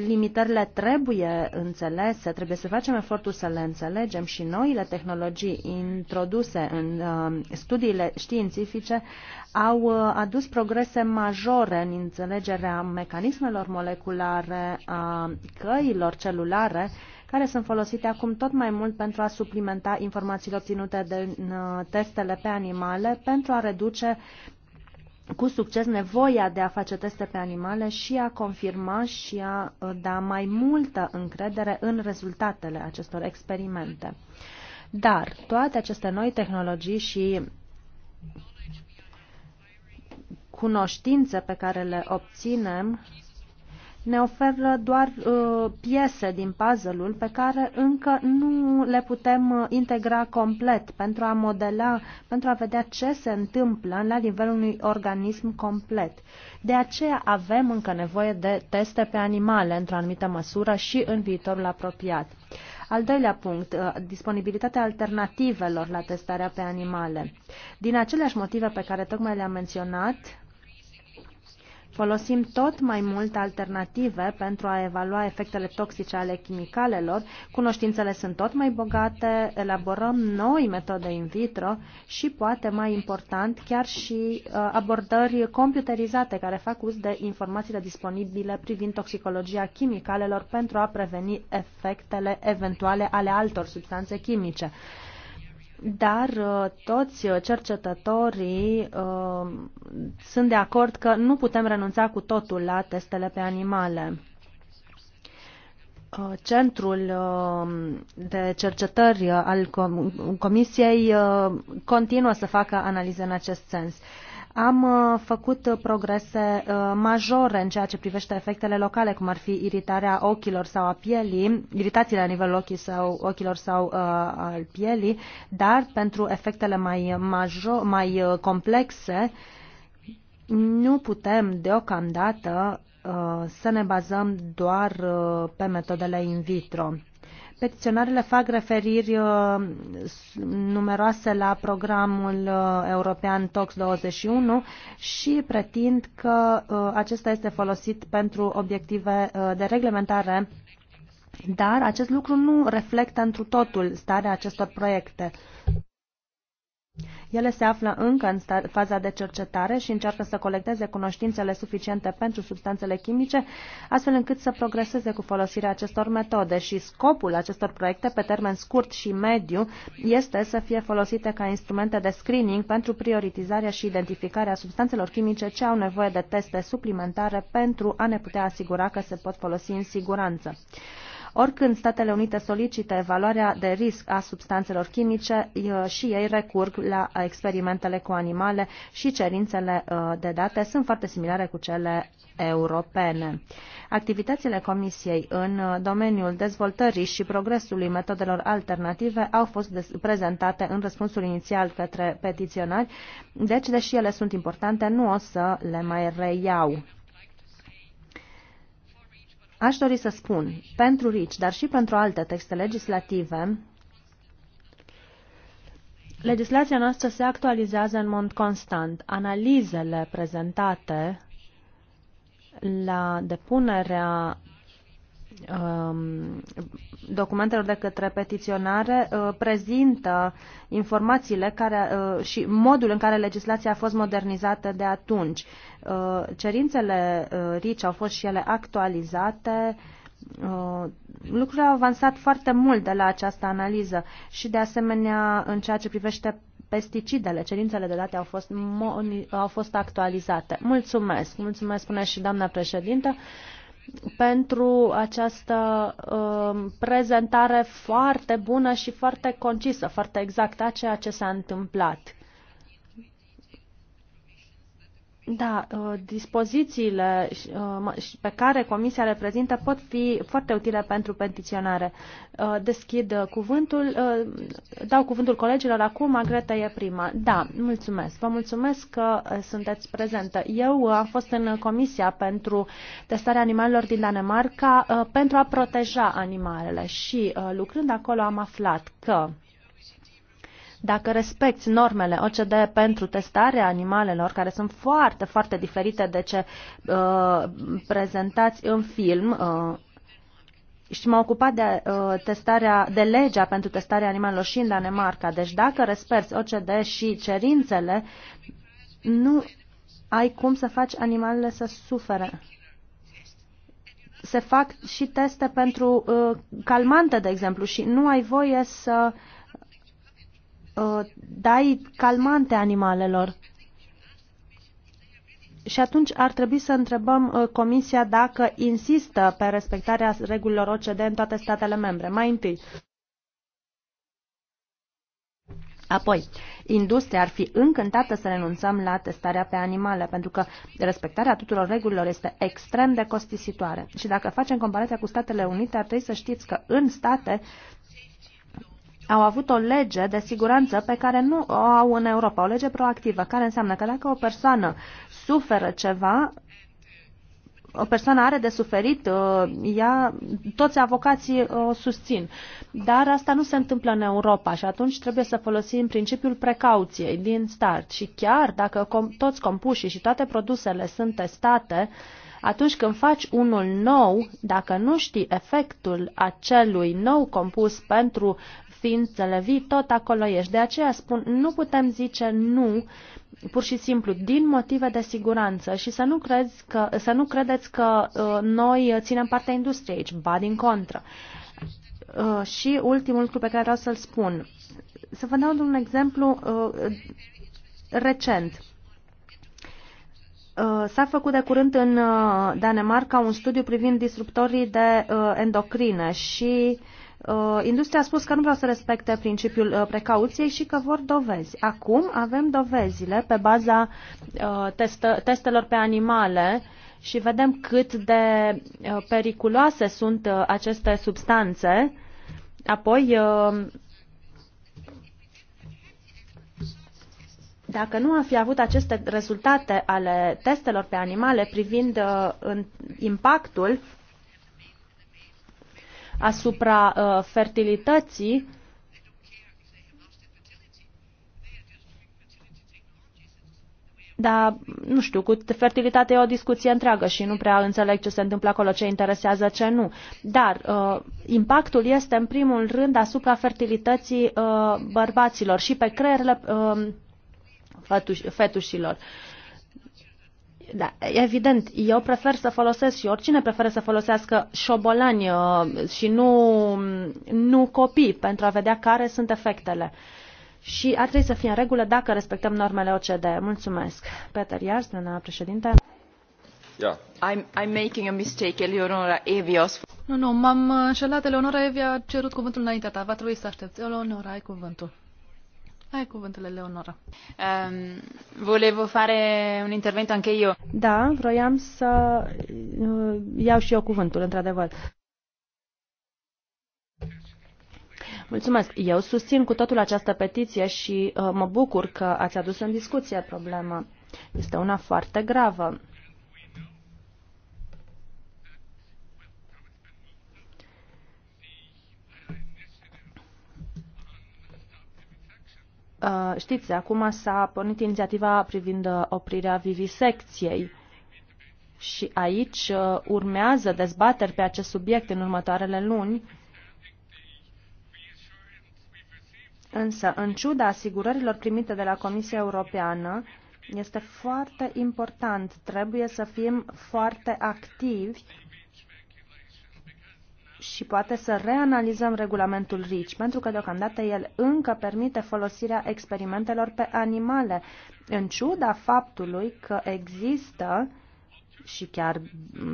limitările trebuie înțelese, trebuie să facem efortul să le înțelegem și noile tehnologii introduse în uh, studiile științifice au adus progrese majore în înțelegerea mecanismelor moleculare, a căilor celulare, care sunt folosite acum tot mai mult pentru a suplimenta informațiile obținute din testele pe animale, pentru a reduce cu succes nevoia de a face teste pe animale și a confirma și a uh, da mai multă încredere în rezultatele acestor experimente. Dar toate aceste noi tehnologii și cunoștințe pe care le obținem ne oferă doar uh, piese din puzzle-ul pe care încă nu le putem uh, integra complet pentru a modela, pentru a vedea ce se întâmplă la nivelul unui organism complet. De aceea avem încă nevoie de teste pe animale într-o anumită măsură și în viitorul apropiat. Al doilea punct, uh, disponibilitatea alternativelor la testarea pe animale. Din aceleași motive pe care tocmai le-am menționat, Folosim tot mai mult alternative pentru a evalua efectele toxice ale chimicalelor, cunoștințele sunt tot mai bogate, elaborăm noi metode in vitro și, poate mai important, chiar și uh, abordări computerizate care fac uz de informațiile disponibile privind toxicologia chimicalelor pentru a preveni efectele eventuale ale altor substanțe chimice dar uh, toți cercetătorii uh, sunt de acord că nu putem renunța cu totul la testele pe animale. Uh, centrul uh, de cercetări al Comisiei continuă să facă analize în acest sens. Am uh, făcut uh, progrese uh, majore în ceea ce privește efectele locale, cum ar fi iritarea ochilor sau a pielii, iritațiile la nivelul ochii sau, ochilor sau uh, al pielii, dar pentru efectele mai, major, mai complexe nu putem deocamdată să ne bazăm doar pe metodele in vitro. Petiționarele fac referiri uh, numeroase la programul uh, european TOX21 și pretind că uh, acesta este folosit pentru obiective de reglementare, dar acest lucru nu reflectă întru totul starea acestor proiecte. Ele se află încă în faza de cercetare și încearcă să colecteze cunoștințele suficiente pentru substanțele chimice, astfel încât să progreseze cu folosirea acestor metode și scopul acestor proiecte pe termen scurt și mediu este să fie folosite ca instrumente de screening pentru prioritizarea și identificarea substanțelor chimice ce au nevoie de teste suplimentare pentru a ne putea asigura că se pot folosi în siguranță. Oricând Statele Unite solicită evaluarea de risc a substanțelor chimice, și ei recurg la experimentele cu animale și cerințele de date sunt foarte similare cu cele europene. Activitățile Comisiei în domeniul dezvoltării și progresului metodelor alternative au fost prezentate în răspunsul inițial către petiționari, deci, deși ele sunt importante, nu o să le mai reiau. Aș dori să spun, pentru RICI, dar și pentru alte texte legislative, legislația noastră se actualizează în mod constant. Analizele prezentate la depunerea Um, documentelor de către petiționare uh, prezintă informațiile care, uh, și modul în care legislația a fost modernizată de atunci. Uh, cerințele RICI au fost și ele actualizate, lucrurile au avansat foarte mult de la această analiză și de asemenea în ceea ce privește pesticidele, cerințele de date au fost, au fost actualizate. Mulțumesc, mulțumesc, spune și doamna președintă pentru această uh, prezentare foarte bună și foarte concisă, foarte exactă a ceea ce s-a întâmplat. Da, uh, dispozițiile uh, pe care Comisia le prezintă pot fi foarte utile pentru petiționare. Uh, deschid cuvântul, dau cuvântul colegilor acum, Magreta e prima. Da, mulțumesc. Vă mulțumesc că sunteți prezentă. Eu am fost în Comisia pentru testarea animalelor din Danemarca pentru a proteja animalele și lucrând acolo am aflat că dacă respecti normele OCD pentru testarea animalelor, care sunt foarte, foarte diferite de ce uh, prezentați în film, uh, și m-a ocupat de, uh, testarea, de legea pentru testarea animalelor și în Danemarca. Deci dacă respecti OCD și cerințele, nu ai cum să faci animalele să sufere se fac și teste pentru uh, calmante, de exemplu, și nu ai voie să Uh, dai calmante animalelor. Și atunci ar trebui să întrebăm uh, Comisia dacă insistă pe respectarea regulilor OCD în toate statele membre. Mai întâi. Apoi, industria ar fi încântată să renunțăm la testarea pe animale, pentru că respectarea tuturor regulilor este extrem de costisitoare. Și dacă facem comparația cu Statele Unite, ar trebui să știți că în state au avut o lege de siguranță pe care nu o au în Europa, o lege proactivă, care înseamnă că dacă o persoană suferă ceva, o persoană are de suferit, uh, ea, toți avocații uh, o susțin. Dar asta nu se întâmplă în Europa și atunci trebuie să folosim principiul precauției din start. Și chiar dacă toți compușii și toate produsele sunt testate, atunci când faci unul nou, dacă nu știi efectul acelui nou compus pentru susțin le vii, tot acolo ești. De aceea spun, nu putem zice nu pur și simplu din motive de siguranță și să nu, crezi că, să nu credeți că uh, noi ținem partea industriei aici, ba din contră. Uh, și ultimul lucru pe care vreau să-l spun. Să vă dau un exemplu uh, recent. Uh, s-a făcut de curând în uh, Danemarca un studiu privind disruptorii de uh, endocrine și uh, Uh, industria a spus că nu vreau să respecte principiul uh, precauției și că vor dovezi. Acum avem dovezile pe baza uh, testă, testelor pe animale și vedem cât de periculoase sunt aceste substanțe. Apoi, dacă nu am fi avut aceste rezultate ale testelor pe animale privind impactul asupra uh, fertilității, Dar, nu știu, cu fertilitatea e o discuție întreagă și nu prea înțeleg ce se întâmplă acolo, ce interesează, ce nu. Dar uh, impactul este, în primul rând, asupra fertilității uh, bărbaților și pe creierele uh, fetuș, fetușilor. Uh, da, evident, eu prefer să folosesc și oricine preferă să folosească șobolani uh, și nu, nu copii pentru a vedea care sunt efectele. Și ar trebui să fie în regulă dacă respectăm normele OCD. Mulțumesc. Peter Iars, doamna președinte. Yeah. Da. I'm, I'm making a mistake, Eleonora Evios. Nu, nu, m-am înșelat. Eleonora Evia a cerut cuvântul înaintea ta. Va trebui să aștepți. Eleonora, ai cuvântul. Ai cuvântul, Leonora. Um, volevo fare un intervento anche io. Da, vroiam să uh, iau și eu cuvântul, într-adevăr. Mulțumesc. Eu susțin cu totul această petiție și uh, mă bucur că ați adus în discuție problema. Este una foarte gravă. Uh, știți, acum s-a pornit inițiativa privind uh, oprirea vivisecției. Și aici uh, urmează dezbateri pe acest subiect în următoarele luni. Însă, în ciuda asigurărilor primite de la Comisia Europeană, este foarte important, trebuie să fim foarte activi și poate să reanalizăm regulamentul RICI, pentru că deocamdată el încă permite folosirea experimentelor pe animale, în ciuda faptului că există și chiar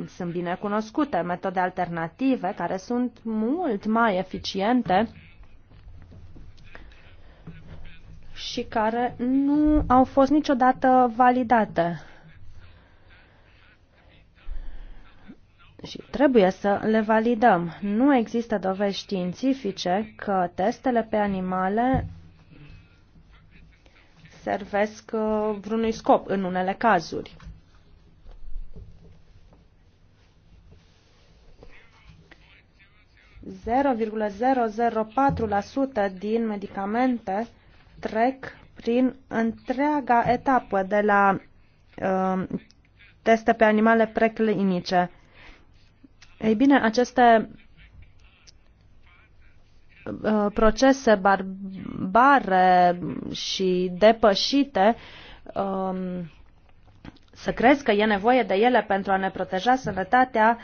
sunt bine cunoscute metode alternative care sunt mult mai eficiente și care nu au fost niciodată validate. și trebuie să le validăm. Nu există dovezi științifice că testele pe animale servesc uh, vreunui scop în unele cazuri. ,004% din medicamente trec prin întreaga etapă de la uh, teste pe animale preclinice ei bine, aceste uh, procese barbare și depășite um, să crezi că e nevoie de ele pentru a ne proteja sănătatea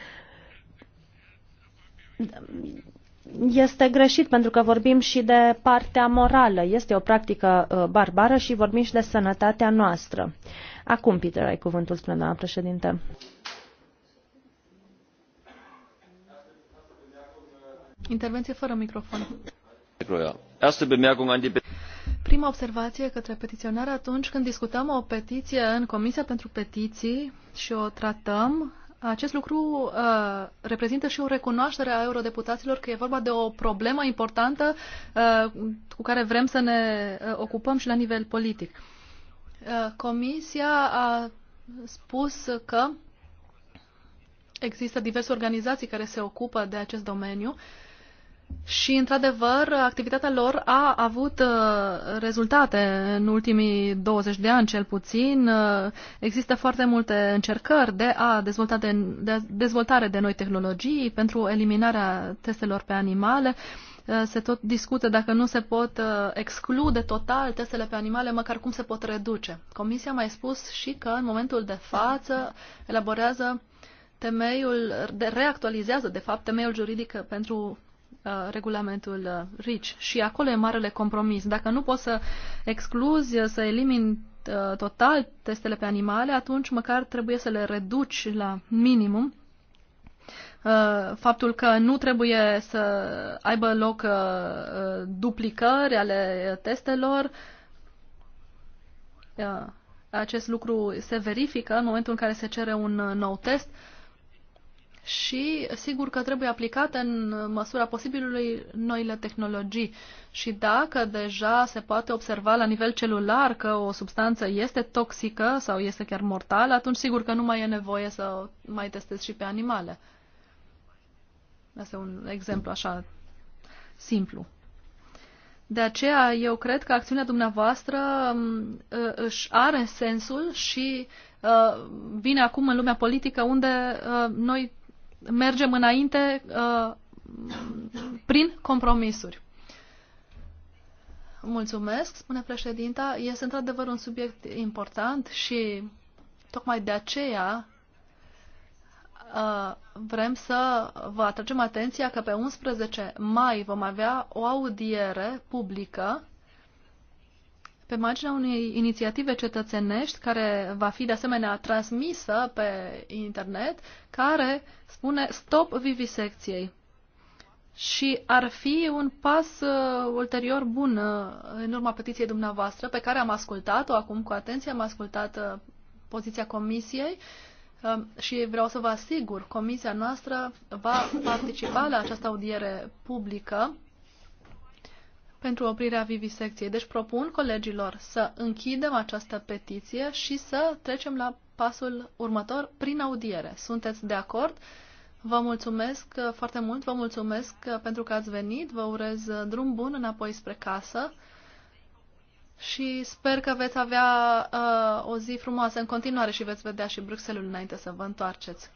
este greșit pentru că vorbim și de partea morală. Este o practică uh, barbară și vorbim și de sănătatea noastră. Acum, Peter, ai cuvântul, spre doamna președinte. Intervenție fără microfon. Prima observație către petiționar atunci când discutăm o petiție în Comisia pentru Petiții și o tratăm, acest lucru uh, reprezintă și o recunoaștere a eurodeputaților că e vorba de o problemă importantă uh, cu care vrem să ne uh, ocupăm și la nivel politic. Uh, comisia a spus că există diverse organizații care se ocupă de acest domeniu uh, și, într-adevăr, activitatea lor a avut uh, rezultate în ultimii 20 de ani, cel puțin. Uh, există foarte multe încercări de a dezvolta de, de dezvoltare de noi tehnologii pentru eliminarea testelor pe animale. Uh, se tot discută dacă nu se pot exclude total testele pe animale, măcar cum se pot reduce. Comisia a mai spus și că, în momentul de față, elaborează temeiul, reactualizează, de fapt, temeiul juridic pentru Uh, regulamentul uh, RICI și acolo e marele compromis. Dacă nu poți să excluzi, să elimini uh, total testele pe animale, atunci măcar trebuie să le reduci la minimum. Faptul că nu trebuie să aibă loc duplicări ale testelor, acest lucru se verifică în momentul în care se cere un nou test și sigur că trebuie aplicate în măsura posibilului noile tehnologii. Și dacă deja se poate observa la nivel celular că o substanță este toxică sau este chiar mortală, atunci sigur că nu mai e nevoie să mai testezi și pe animale. Asta e un exemplu așa simplu. De aceea eu cred că acțiunea dumneavoastră mm, ă, își are sensul și ă, vine acum în lumea politică unde ă, noi mergem înainte uh, prin compromisuri. Mulțumesc, spune președinta. Este într-adevăr un subiect important și tocmai de aceea uh, vrem să vă atragem atenția că pe 11 mai vom avea o audiere publică pe marginea unei inițiative cetățenești care va fi de asemenea transmisă pe internet, care spune stop vivisecției. Și ar fi un pas uh, ulterior bun uh, în urma petiției dumneavoastră, pe care am ascultat-o acum cu atenție, am ascultat uh, poziția comisiei uh, și vreau să vă asigur, comisia noastră va participa la această audiere publică pentru oprirea vivisecției. Deci propun colegilor să închidem această petiție și să trecem la pasul următor prin audiere. Sunteți de acord? Vă mulțumesc foarte mult, vă mulțumesc pentru că ați venit, vă urez drum bun înapoi spre casă și sper că veți avea uh, o zi frumoasă în continuare și veți vedea și Bruxelles înainte să vă întoarceți.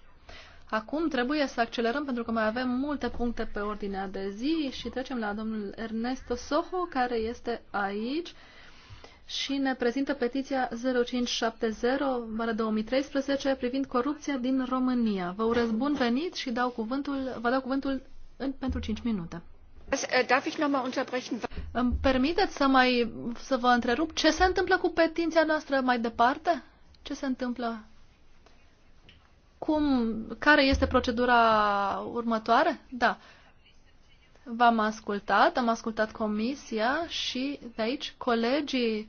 Acum trebuie să accelerăm pentru că mai avem multe puncte pe ordinea de zi și trecem la domnul Ernesto Soho, care este aici și ne prezintă petiția 0570-2013 privind corupția din România. Vă urez bun venit și dau cuvântul, vă dau cuvântul în, pentru 5 minute. Äh, darf ich noch mal unterbrechen? Îmi permiteți să mai să vă întrerup ce se întâmplă cu petiția noastră mai departe? Ce se întâmplă cum, care este procedura următoare? Da. V-am ascultat, am ascultat comisia și de aici colegii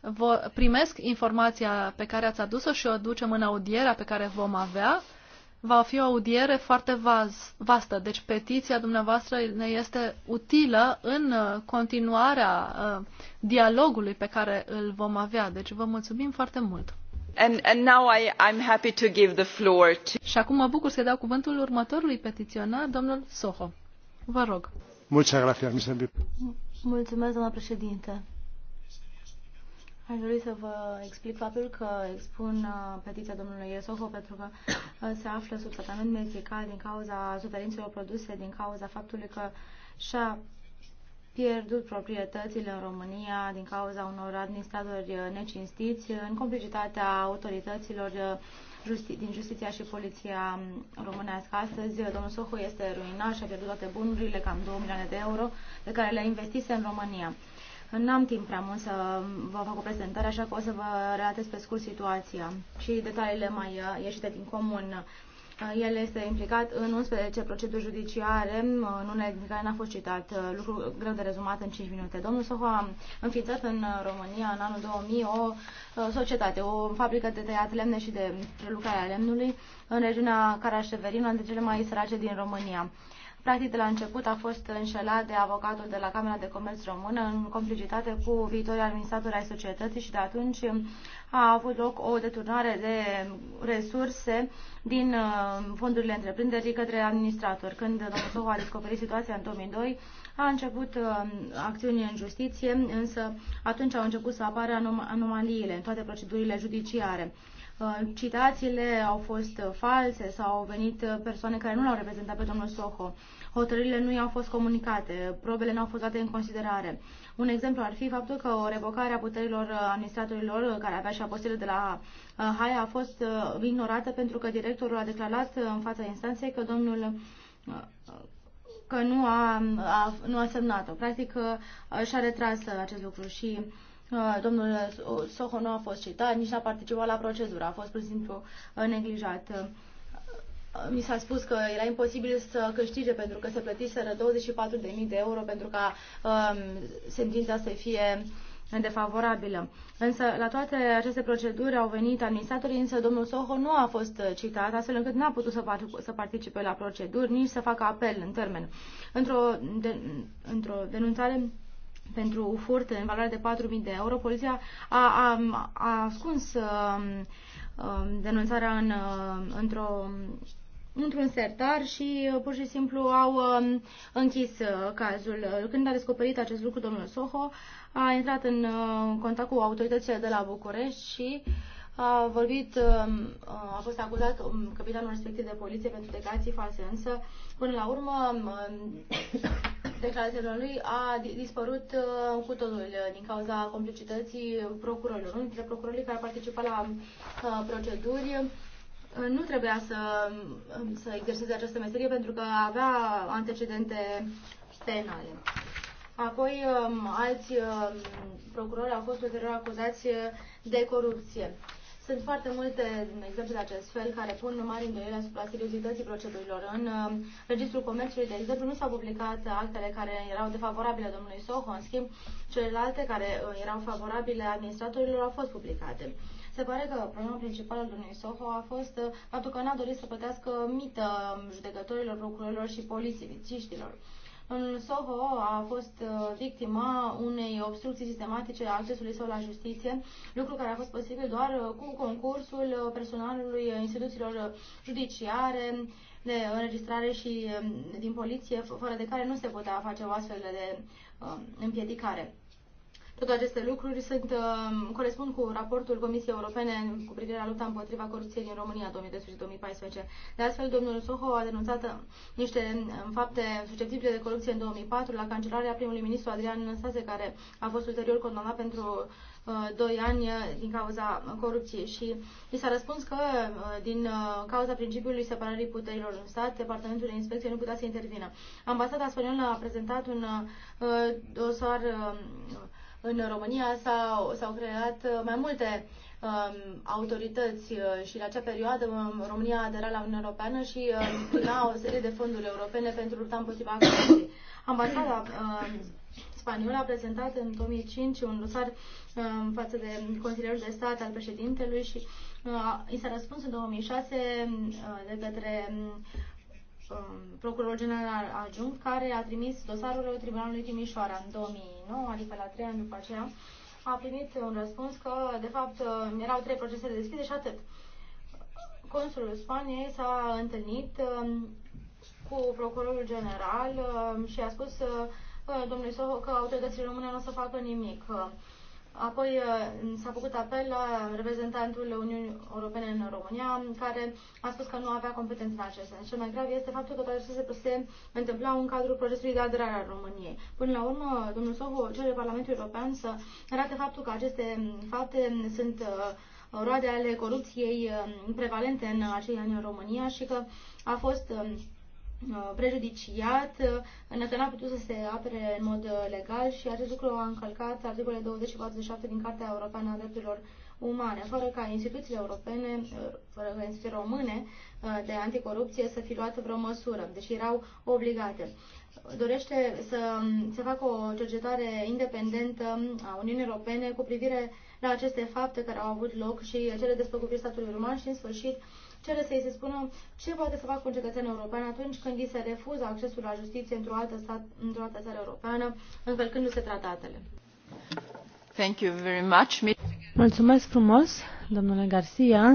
vor, primesc informația pe care ați adus-o și o aducem în audierea pe care vom avea. Va fi o audiere foarte vaz, vastă, deci petiția dumneavoastră ne este utilă în uh, continuarea uh, dialogului pe care îl vom avea. Deci vă mulțumim foarte mult! Și acum mă bucur să dau cuvântul următorului petiționar, domnul Soho. Vă rog. Mulțumesc, Mulțumesc președinte. Aș dori să vă explic faptul că expun uh, petiția domnului Iesoho pentru că uh, se află sub tratament medical din cauza suferințelor produse, din cauza faptului că și-a pierdut proprietățile în România din cauza unor administratori uh, necinstiți uh, în complicitatea autorităților uh, justi- din justiția și poliția um, românească. Astăzi, domnul Sohu este ruinat și a pierdut toate bunurile, cam 2 milioane de euro, pe care le investise în România. N-am timp prea mult să vă fac o prezentare, așa că o să vă relatez pe scurt situația și detaliile mai ieșite din comun. El este implicat în 11 proceduri judiciare, în unele din care n-a fost citat, uh, lucru greu de rezumat în 5 minute. Domnul Soho a înființat în uh, România în anul 2000 o uh, societate, o fabrică de tăiat lemne și de prelucrare a lemnului în regiunea Caraș Severin, una dintre cele mai sărace din România. Practic, de la început a fost înșelat de avocatul de la Camera de Comerț Română în complicitate cu viitorii administratori ai societății și de atunci a avut loc o deturnare de resurse din uh, fondurile întreprinderii către administratori. Când domnul Soho a descoperit situația în 2002, a început uh, acțiuni în justiție, însă atunci au început să apară anom anomaliile în toate procedurile judiciare uh, citațiile au fost false sau au venit persoane care nu l-au reprezentat pe domnul Soho hotărârile nu i-au fost comunicate, probele nu au fost date în considerare. Un exemplu ar fi faptul că o revocare a puterilor uh, administratorilor, uh, care avea și apostele de la uh, Haia, a fost ignorată pentru că directorul a declarat în fața instanței că domnul că nu a, a, nu a semnat-o. Practic și-a retras acest lucru și domnul Soho nu a fost citat, nici n-a participat la procedură, a fost pur și simplu neglijat mi s-a spus că era imposibil să câștige pentru că se plătiseră 24.000 de euro pentru ca um, sentința să fie defavorabilă. Însă la toate aceste proceduri au venit administratorii, însă domnul Soho nu a fost citat, astfel încât n-a putut să, participe la proceduri, nici să facă apel în termen. Într-o, de- într denunțare pentru furt în valoare de 4.000 de euro, poliția a, a, a ascuns a, um, um, denunțarea în, uh, într-o într-un sertar și uh, pur și simplu au um, închis uh, cazul. Uh, când a descoperit acest lucru domnul Soho, a intrat în contact cu autoritățile de la București și a vorbit, um, a fost acuzat um, capitanul respectiv de poliție pentru declarații false, însă până la urmă declarațiilor lui a dispărut cu totul din cauza complicității procurorilor. Unul dintre procurorii care a participat la proceduri nu trebuia să, să exerseze această meserie pentru că avea antecedente penale. Apoi, um, alți um, procurori au fost ulterior acuzați de corupție. Sunt foarte multe exemple de acest fel care pun mari îndoieli asupra seriozității procedurilor. În um, Registrul Comerțului, de exemplu, nu s-au publicat actele care erau defavorabile domnului Soho, în schimb, celelalte care uh, erau favorabile administratorilor au fost publicate. Se pare că problema principală a domnului Soho a fost uh, faptul că n-a dorit să plătească mită um, judecătorilor, procurorilor și polițiștilor. În Soho a fost uh, victima unei obstrucții sistematice a accesului său la justiție, lucru care a fost posibil doar uh, cu concursul personalului instituțiilor judiciare, de înregistrare și um, din poliție, fără de care nu se putea face o astfel de um, împiedicare. Tot aceste lucruri sunt, um, corespund cu raportul Comisiei Europene cu privire la lupta împotriva corupției din România 2010 2014 De astfel, domnul Soho a denunțat uh, niște um, fapte susceptibile de corupție în 2004 la cancelarea primului ministru Adrian Năstase, care a fost ulterior condamnat pentru uh, doi ani uh, din cauza corupției și i s-a răspuns că din cauza principiului separării puterilor în stat, Departamentul de Inspecție nu putea să intervină. Ambasada spaniolă a prezentat un dosar um, în România s-au, creat uh, mai multe um, autorități uh, și la acea perioadă um, România adera la Uniunea Europeană și prima um, o serie de fonduri europene pentru lupta împotriva corupției. Ambasada um, uh, spaniolă a prezentat în 2005 un dosar um, față de consilierul de stat al președintelui și uh, i s-a răspuns în 2006 uh, de către um, Um, procurorul general adjunct, care a trimis dosarul Tribunalului Timișoara în 2009, adică la trei ani după aceea, a primit un răspuns că, de fapt, um, erau trei procese deschise și atât. Consulul Spaniei s-a întâlnit um, cu procurorul general și a spus uh, domnului Soho că autoritățile române nu o să facă nimic. Apoi uh, s-a făcut apel la reprezentantul Uniunii Europene în România, care a spus că nu avea competențe în acest sens. Cel mai grav este faptul că toate acestea se întâmpla în cadrul procesului de aderare a României. Până la urmă, domnul Sovu cere Parlamentul European să arate faptul că aceste fapte sunt uh, roade ale corupției um, prevalente în acei ani în România și că a fost um, Uh, prejudiciat, însă uh, a putut să se apere în mod uh, legal și acest lucru a încălcat articolele 20 și 47 din Cartea Europeană a Drepturilor Umane, fără ca instituțiile europene, fără ca instituțiile române de anticorupție să fi luat vreo măsură, deși erau obligate. Dorește să um, se facă o cercetare independentă a Uniunii Europene cu privire la aceste fapte care au avut loc și cele despăgubiri statului român și, în sfârșit, cere să-i se spună ce poate să facă un cetățean european atunci când îi se refuză accesul la justiție într-o altă, stat, într altă țară europeană, încălcându-se tratatele. Thank you very much. Mulțumesc frumos, domnule Garcia,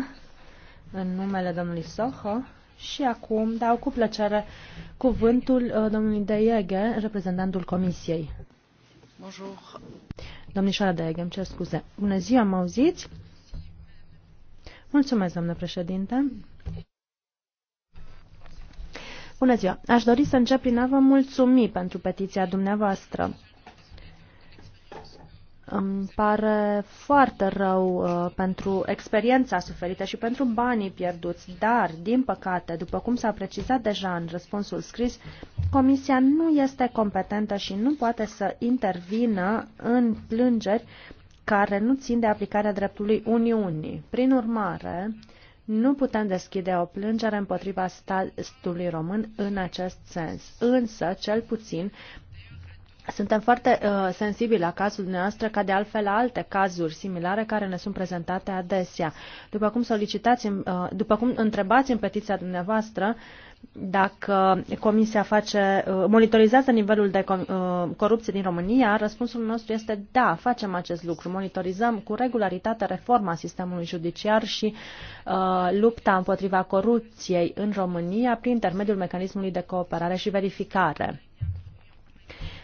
în numele domnului Soho. Și acum dau cu plăcere cuvântul uh, domnului De Ieghe, reprezentantul Comisiei. Bonjour. Domnișoara De Ieghe, îmi cer scuze. Bună ziua, mă auziți? Mulțumesc, domnule președinte. Bună ziua! Aș dori să încep prin a vă mulțumi pentru petiția dumneavoastră. Îmi pare foarte rău uh, pentru experiența suferită și pentru banii pierduți, dar, din păcate, după cum s-a precizat deja în răspunsul scris, Comisia nu este competentă și nu poate să intervină în plângeri care nu țin de aplicarea dreptului Uniunii. Prin urmare, nu putem deschide o plângere împotriva statului român în acest sens. Însă, cel puțin, suntem foarte uh, sensibili la cazul noastră, ca de altfel la alte cazuri similare care ne sunt prezentate adesea. După cum solicitați, uh, după cum întrebați în petiția dumneavoastră, uh, dacă Comisia face, uh, monitorizează nivelul de uh, corupție din România, răspunsul nostru este da, facem acest lucru. Monitorizăm cu regularitate reforma sistemului judiciar și uh, lupta împotriva corupției în România prin intermediul mecanismului de cooperare și verificare.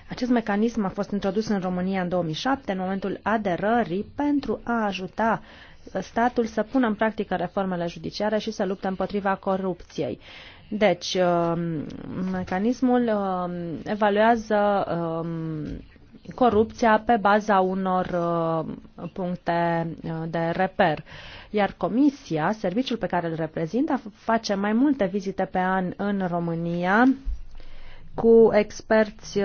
Acest mecanism a fost introdus în România în 2007, în momentul aderării, pentru a ajuta statul să pună în practică reformele judiciare și să lupte împotriva corupției. Uh, deci, um, mecanismul um, evaluează um, corupția pe baza unor puncte uh, de reper. Iar comisia, serviciul pe care îl reprezintă, face mai multe vizite pe an în România cu experți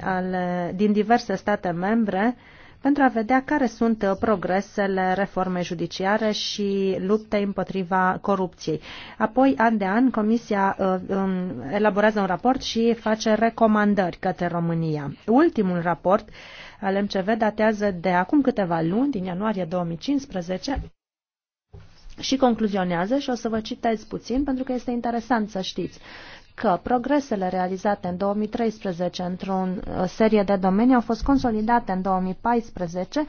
ale, din diverse state membre uh, pentru a vedea care sunt uh, progresele reformei judiciare și luptei împotriva corupției. Apoi, an de an, Comisia uh, um, elaborează un raport și face recomandări către România. Ultimul raport al MCV datează de acum câteva luni, din ianuarie 2015, și concluzionează, și o să vă citez puțin pentru că este interesant să știți. Uh, că progresele realizate în 2013 într-o uh, serie de domenii au fost consolidate în 2014,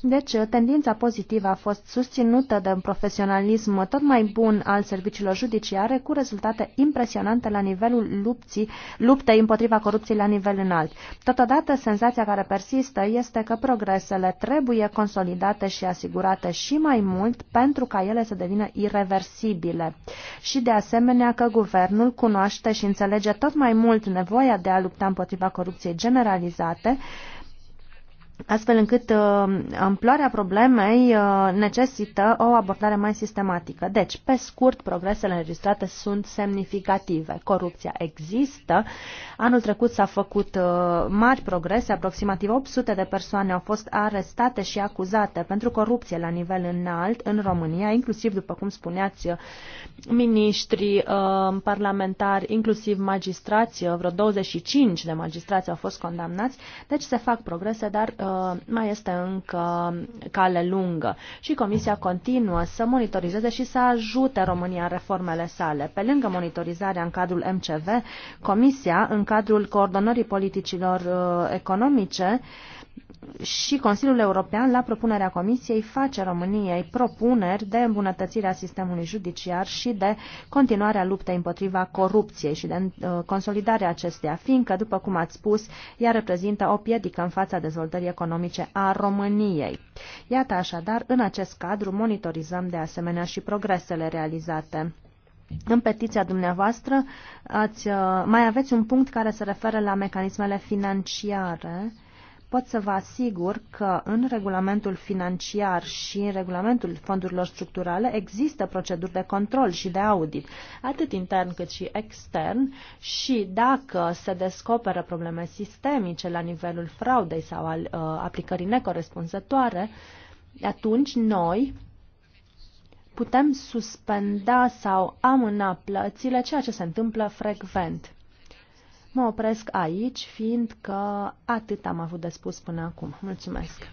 deci uh, tendința pozitivă a fost susținută de un profesionalism tot mai bun al serviciilor judiciare, cu rezultate impresionante la nivelul lupții, luptei împotriva corupției la nivel înalt. Totodată, senzația care persistă este că progresele trebuie consolidate și asigurate și mai mult pentru ca ele să devină irreversibile. Și de asemenea că guvernul cunoaște și înțelege tot mai mult nevoia de a lupta împotriva corupției generalizate, astfel încât uh, amploarea problemei uh, necesită o abordare mai sistematică. Deci, pe scurt, progresele înregistrate sunt semnificative. Corupția există. Anul trecut s-a făcut uh, mari progrese, aproximativ 800 de persoane au fost arestate și acuzate pentru corupție la nivel înalt în România, inclusiv, după cum spuneați, miniștri, parlamentari, inclusiv magistrați, vreo 25 de magistrați au fost condamnați. Deci se fac progrese, dar Uh, mai este încă cale lungă și Comisia continuă să monitorizeze și să ajute România în reformele sale. Pe lângă monitorizarea în cadrul MCV, Comisia, în cadrul coordonării politicilor uh, economice, și Consiliul European, la propunerea Comisiei, face României propuneri de îmbunătățirea sistemului judiciar și de continuarea luptei împotriva corupției și de uh, consolidarea acesteia, fiindcă, după cum ați spus, ea reprezintă o piedică în fața dezvoltării economice a României. Iată așadar, în acest cadru monitorizăm de asemenea și progresele realizate. În petiția dumneavoastră ați, uh, mai aveți un punct care se referă la mecanismele financiare pot să vă asigur că în regulamentul financiar și în regulamentul fondurilor structurale există proceduri de control și de audit, atât intern cât și extern, și dacă se descoperă probleme sistemice la nivelul fraudei sau al uh, aplicării necorespunzătoare, atunci noi putem suspenda sau amâna plățile, ceea ce se întâmplă frecvent. Mă opresc aici, fiindcă atât am avut de spus până acum. Mulțumesc!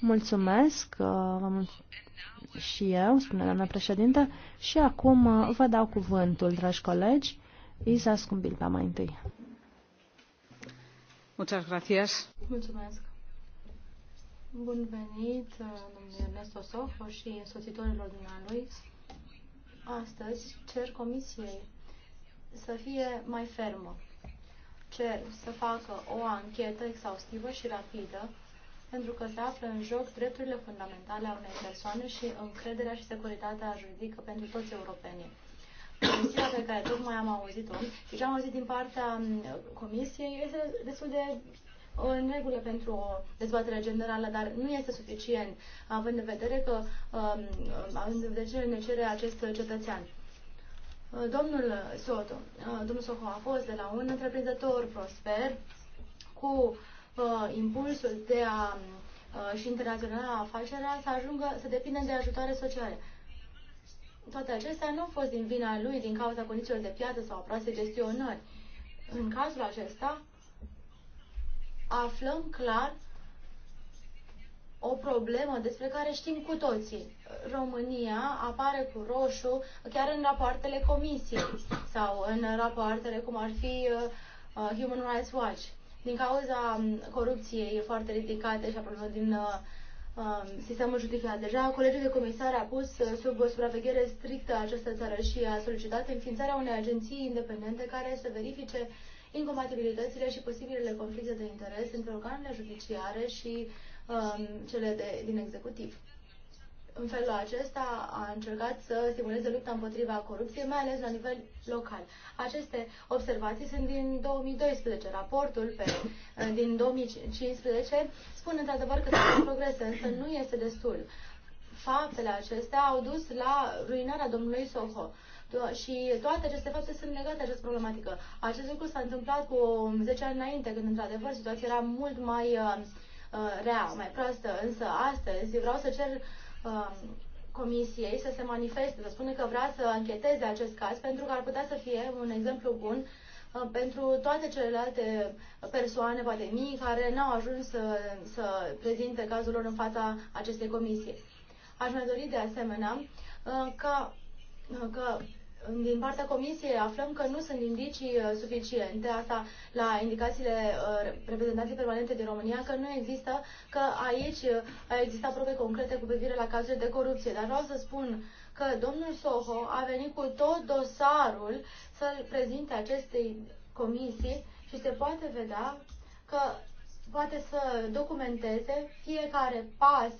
Mulțumesc uh, mul- și eu, spune doamna președinte, și acum uh, vă dau cuvântul, dragi colegi. Isa Scumbilpa mai întâi. Muchas gracias. Mulțumesc. Bun venit, uh, domnule Ernesto Soho și însoțitorilor dumneavoastră. Astăzi cer comisiei să fie mai fermă. Cer să facă o anchetă exhaustivă și rapidă, pentru că se află în joc drepturile fundamentale ale unei persoane și încrederea și securitatea juridică pentru toți europenii. Comisia pe care tocmai am auzit-o și ce am auzit din partea mm, Comisiei este destul de în regulă pentru o dezbatere generală, dar nu este suficient, având în vedere că um, având în vedere ne cere acest cetățean. Uh, domnul Soto, uh, domnul Soho a fost de la un întreprinzător prosper cu uh, impulsul de a uh, și internaționa afacerea să ajungă să depindă de ajutoare sociale. Toate acestea nu au fost din vina lui din cauza condițiilor de piață sau a proaste gestionări. În cazul acesta, aflăm clar o problemă despre care știm cu toții. România apare cu roșu chiar în rapoartele comisiei sau în rapoartele cum ar fi uh, uh, Human Rights Watch. Din cauza um, corupției foarte ridicate și a problemă din uh, um, sistemul judiciar. Deja colegiul de comisar a pus sub o supraveghere strictă această țară și a solicitat înființarea unei agenții independente care să verifice incompatibilitățile și posibilele conflicte de interes între organele judiciare și uh, um, cele de, din executiv. În felul acesta a încercat să stimuleze lupta împotriva corupției, mai ales la nivel local. Aceste observații sunt din 2012. Raportul pe, uh, din 2015 spune într-adevăr că sunt progrese, însă nu este destul. Faptele acestea au dus la ruinarea domnului Soho. Și toate aceste fapte sunt legate de această problematică. Acest lucru s-a întâmplat cu 10 ani înainte, când într-adevăr situația era mult mai uh, Uh, rea, mai proastă, însă astăzi vreau să cer uh, comisiei să se manifeste, să spună că vrea să încheteze acest caz pentru că ar putea să fie un exemplu bun uh, pentru toate celelalte persoane, poate mii, care n-au ajuns să, să prezinte cazul lor în fața acestei comisii. Aș mai dori de asemenea ca, că din partea comisiei aflăm că nu sunt indicii uh, suficiente, asta la indicațiile uh, reprezentanței permanente din România, că nu există, că aici uh, a existat probe concrete cu privire la cazuri de corupție. Dar vreau să spun că domnul Soho a venit cu tot dosarul să-l prezinte acestei comisii și se poate vedea că poate să documenteze fiecare pas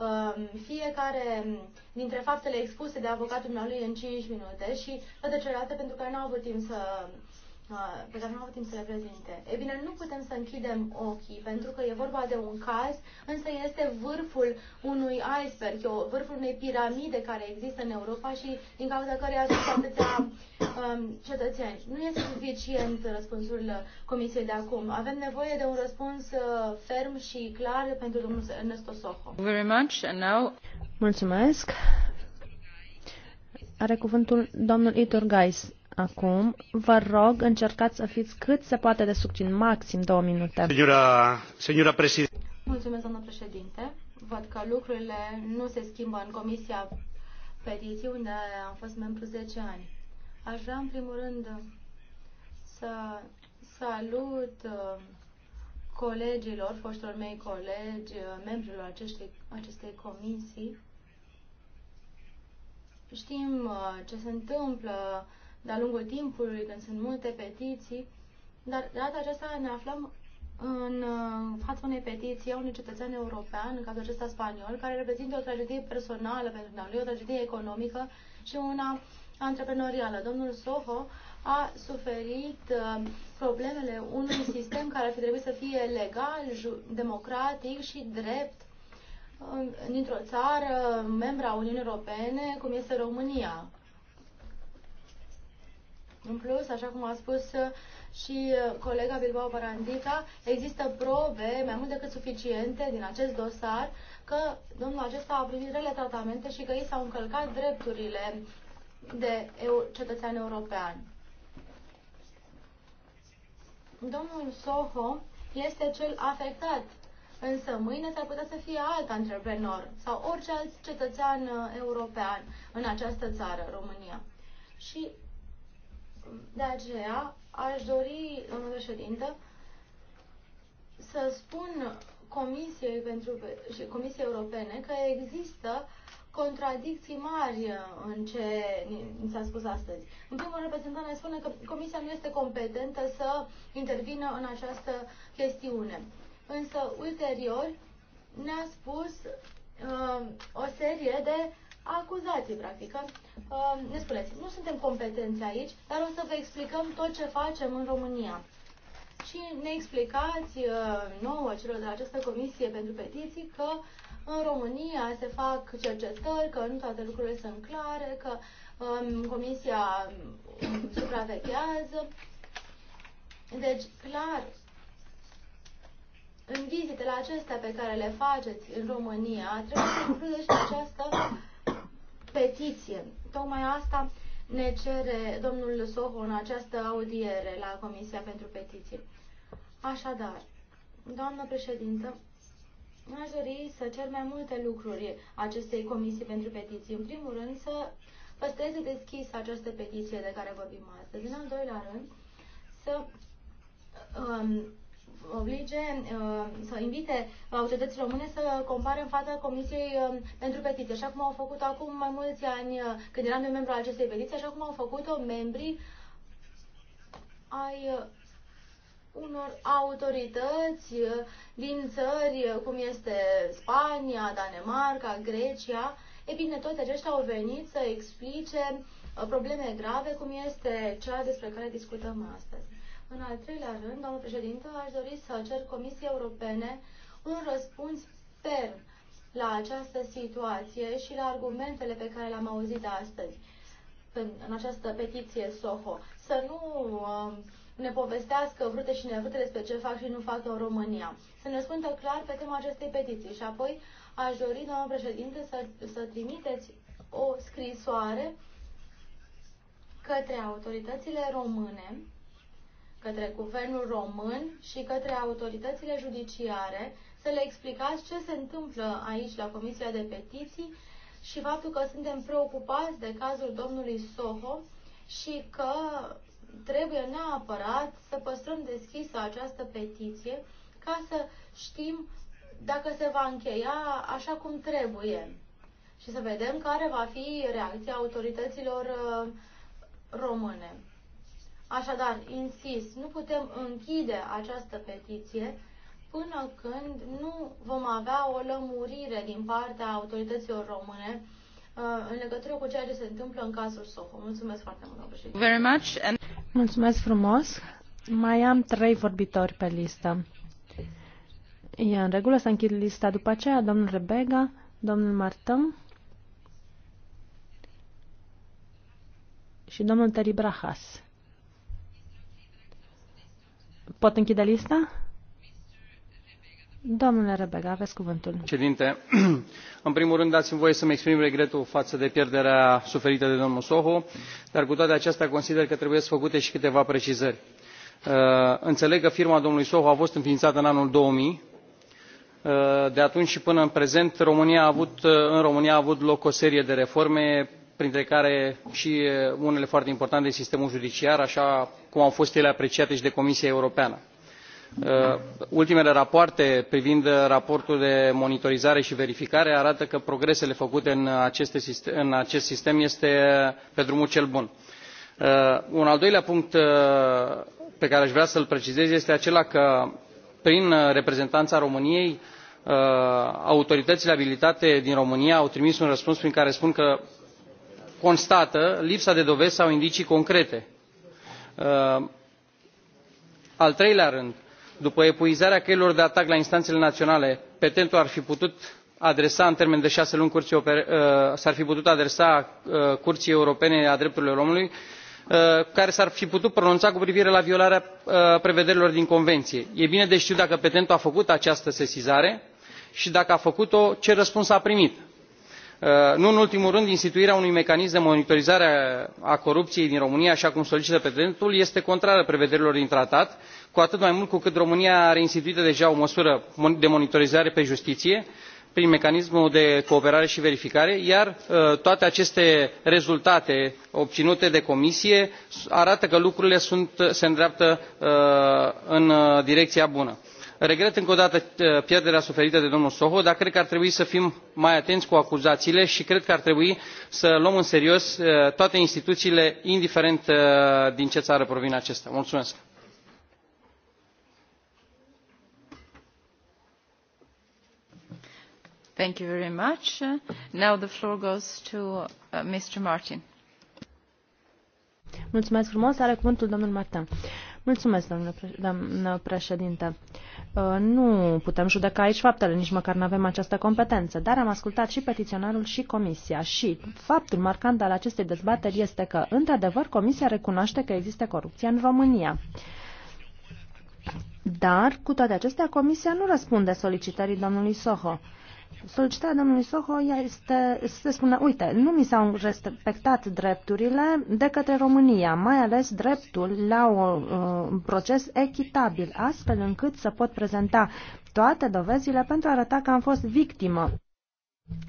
Ehm, fiecare dintre faptele expuse de avocatul meu în 5 minute și toate celelalte pentru că nu au avut timp să pe care nu au timp să le prezinte. E bine, nu putem să închidem ochii, pentru că e vorba de un caz, însă este vârful unui iceberg, o, vârful unei piramide care există în Europa și din cauza căreia sunt atâția um, cetățeni. Nu este suficient răspunsul Comisiei de acum. Avem nevoie de un răspuns uh, ferm și clar pentru domnul Ernesto Soho. Very much, and now... Mulțumesc. Are cuvântul domnul Gais acum. Vă rog, încercați să fiți cât se poate de succint, maxim două minute. Senyora, senyora președinte. Mulțumesc, doamnă președinte. Văd că lucrurile nu se schimbă în Comisia Petiții, unde am fost membru 10 ani. Aș vrea, în primul rând, să salut uh, colegilor, foștilor mei colegi, uh, membrilor acestei, acestei comisii. Știm uh, ce se întâmplă de-a lungul timpului, când sunt multe petiții, dar de data aceasta ne aflăm uh, în fața unei petiții a unui cetățean european, în cazul acesta spaniol, care reprezintă o tragedie personală pentru noi, o tragedie economică și una antreprenorială. Domnul Soho a suferit uh, problemele unui sistem care ar fi trebuit să fie legal, democratic și drept dintr-o uh, țară membra Uniunii Europene, cum este România. În plus, așa cum a spus și uh, colega Bilbao Barandica, există probe mai mult decât suficiente din acest dosar că domnul acesta a primit rele tratamente și că i s-au încălcat drepturile de cetățean european. Domnul Soho este cel afectat, însă mâine s-ar putea să fie alt antreprenor sau orice alt cetățean uh, european în această țară, România. Și de aceea, aș dori, doamnă președinte, să spun Comisiei pentru, și Comisiei Europene că există contradicții mari în ce ni s-a spus astăzi. În primul rând, reprezentant ne spune că Comisia nu este competentă să intervină în această chestiune. Însă, ulterior, ne-a spus uh, o serie de acuzații, practic. Uh, ne spuneți, nu suntem competenți aici, dar o să vă explicăm tot ce facem în România. Și ne explicați uh, nouă celor de la această comisie pentru petiții că în România se fac cercetări, că nu toate lucrurile sunt clare, că um, comisia um, supraveghează. Deci, clar, în vizitele acestea pe care le faceți în România, trebuie să includeți această petiție. Tocmai asta ne cere domnul Soho în această audiere la Comisia pentru Petiții. Așadar, doamnă președintă, aș dori să cer mai multe lucruri acestei Comisii pentru Petiții. În primul rând, să păstreze deschis această petiție de care vorbim astăzi. În al doilea rând, să um, oblige uh, să invite autoritățile române să compare în fața Comisiei uh, pentru Petiții, așa cum au făcut acum mai mulți ani uh, când eram eu membru al acestei petiții, așa cum au făcut-o membrii ai unor autorități din țări cum este Spania, Danemarca, Grecia. E bine, toți aceștia au venit să explice probleme grave cum este cea despre care discutăm astăzi. În al treilea rând, domnul președintă, aș dori să cer Comisiei Europene un răspuns ferm la această situație și la argumentele pe care le-am auzit astăzi în această petiție SOHO. Să nu uh, ne povestească vrute și nevrute despre ce fac și nu fac în România. Să ne răspundă clar pe tema acestei petiții și apoi aș dori, domnul președinte, să, să trimiteți o scrisoare către autoritățile române către guvernul român și către autoritățile judiciare să le explicați ce se întâmplă aici la Comisia de Petiții și faptul că suntem preocupați de cazul domnului Soho și că trebuie neapărat să păstrăm deschisă această petiție ca să știm dacă se va încheia așa cum trebuie și să vedem care va fi reacția autorităților uh, române. Așadar, insist, nu putem închide această petiție până când nu vom avea o lămurire din partea autorităților române uh, în legătură cu ceea ce se întâmplă în cazul Soho. Mulțumesc foarte mult, președinte. Very much and... Mulțumesc frumos. Mai am trei vorbitori pe listă. E în regulă să închid lista după aceea, domnul Rebega, domnul Martăm și domnul Teribrahas. Pot închide lista? Domnule Rebega, aveți cuvântul. Președinte, în primul rând dați-mi voie să-mi exprim regretul față de pierderea suferită de domnul Soho, dar cu toate acestea consider că trebuie să făcute și câteva precizări. Uh, înțeleg că firma domnului Soho a fost înființată în anul 2000, uh, de atunci și până în prezent românia a avut, uh, în românia a avut loc o serie de reforme printre care și unele foarte importante din sistemul judiciar, așa cum au fost ele apreciate și de Comisia Europeană. Ultimele rapoarte privind raportul de monitorizare și verificare arată că progresele făcute în, aceste, în acest sistem este pe drumul cel bun. Un al doilea punct pe care aș vrea să-l precizez este acela că prin reprezentanța României autoritățile abilitate din România au trimis un răspuns prin care spun că constată lipsa de dovezi sau indicii concrete. Uh, al treilea rând după epuizarea căilor de atac la instanțele naționale petentul ar fi putut adresa în termen de șase luni curții, uh, s ar fi putut adresa uh, curții europene a drepturilor omului care s ar fi putut pronunța cu privire la violarea prevederilor din convenție. e bine de știut dacă petentul a făcut această sesizare și dacă a făcut o ce răspuns a primit. Uh, nu în ultimul rând instituirea unui mecanism de monitorizare a corupției din românia așa cum solicită petentul este contrară prevederilor din tratat cu atât mai mult cu cât românia are instituită deja o măsură de monitorizare pe justiție prin mecanismul de cooperare și verificare iar uh, toate aceste rezultate obținute de comisie arată că lucrurile sunt, se îndreaptă uh, în direcția bună regret încă o dată uh, pierderea suferită de domnul sokol dar cred că ar trebui să fim mai atenți cu acuzațiile și cred că ar trebui să luăm în serios uh, toate instituțiile indiferent uh, din ce țară provine acestea. mulțumesc. Thank you very much. Now the floor goes to Mr. Martin. Mulțumesc domnul Martin. Mulțumesc, doamnă președinte. Uh, nu putem judeca aici faptele, nici măcar nu avem această competență, dar am ascultat și petiționarul și comisia și faptul marcant al acestei dezbateri este că, într-adevăr, comisia recunoaște că există corupție în România. Dar, cu toate acestea, comisia nu răspunde solicitării domnului Soho solicitarea domnului Soho este să spună, uite, nu mi s-au respectat drepturile de către România, mai ales dreptul la uh, un uh, proces echitabil, astfel încât să pot prezenta toate dovezile pentru a arăta că am fost victimă,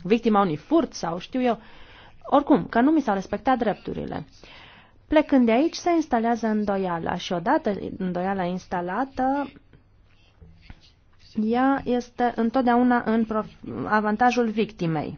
victima unui furt sau știu eu, oricum, că nu mi s-au respectat drepturile. Plecând de aici, se instalează îndoiala și odată îndoiala instalată, ea este întotdeauna în avantajul victimei.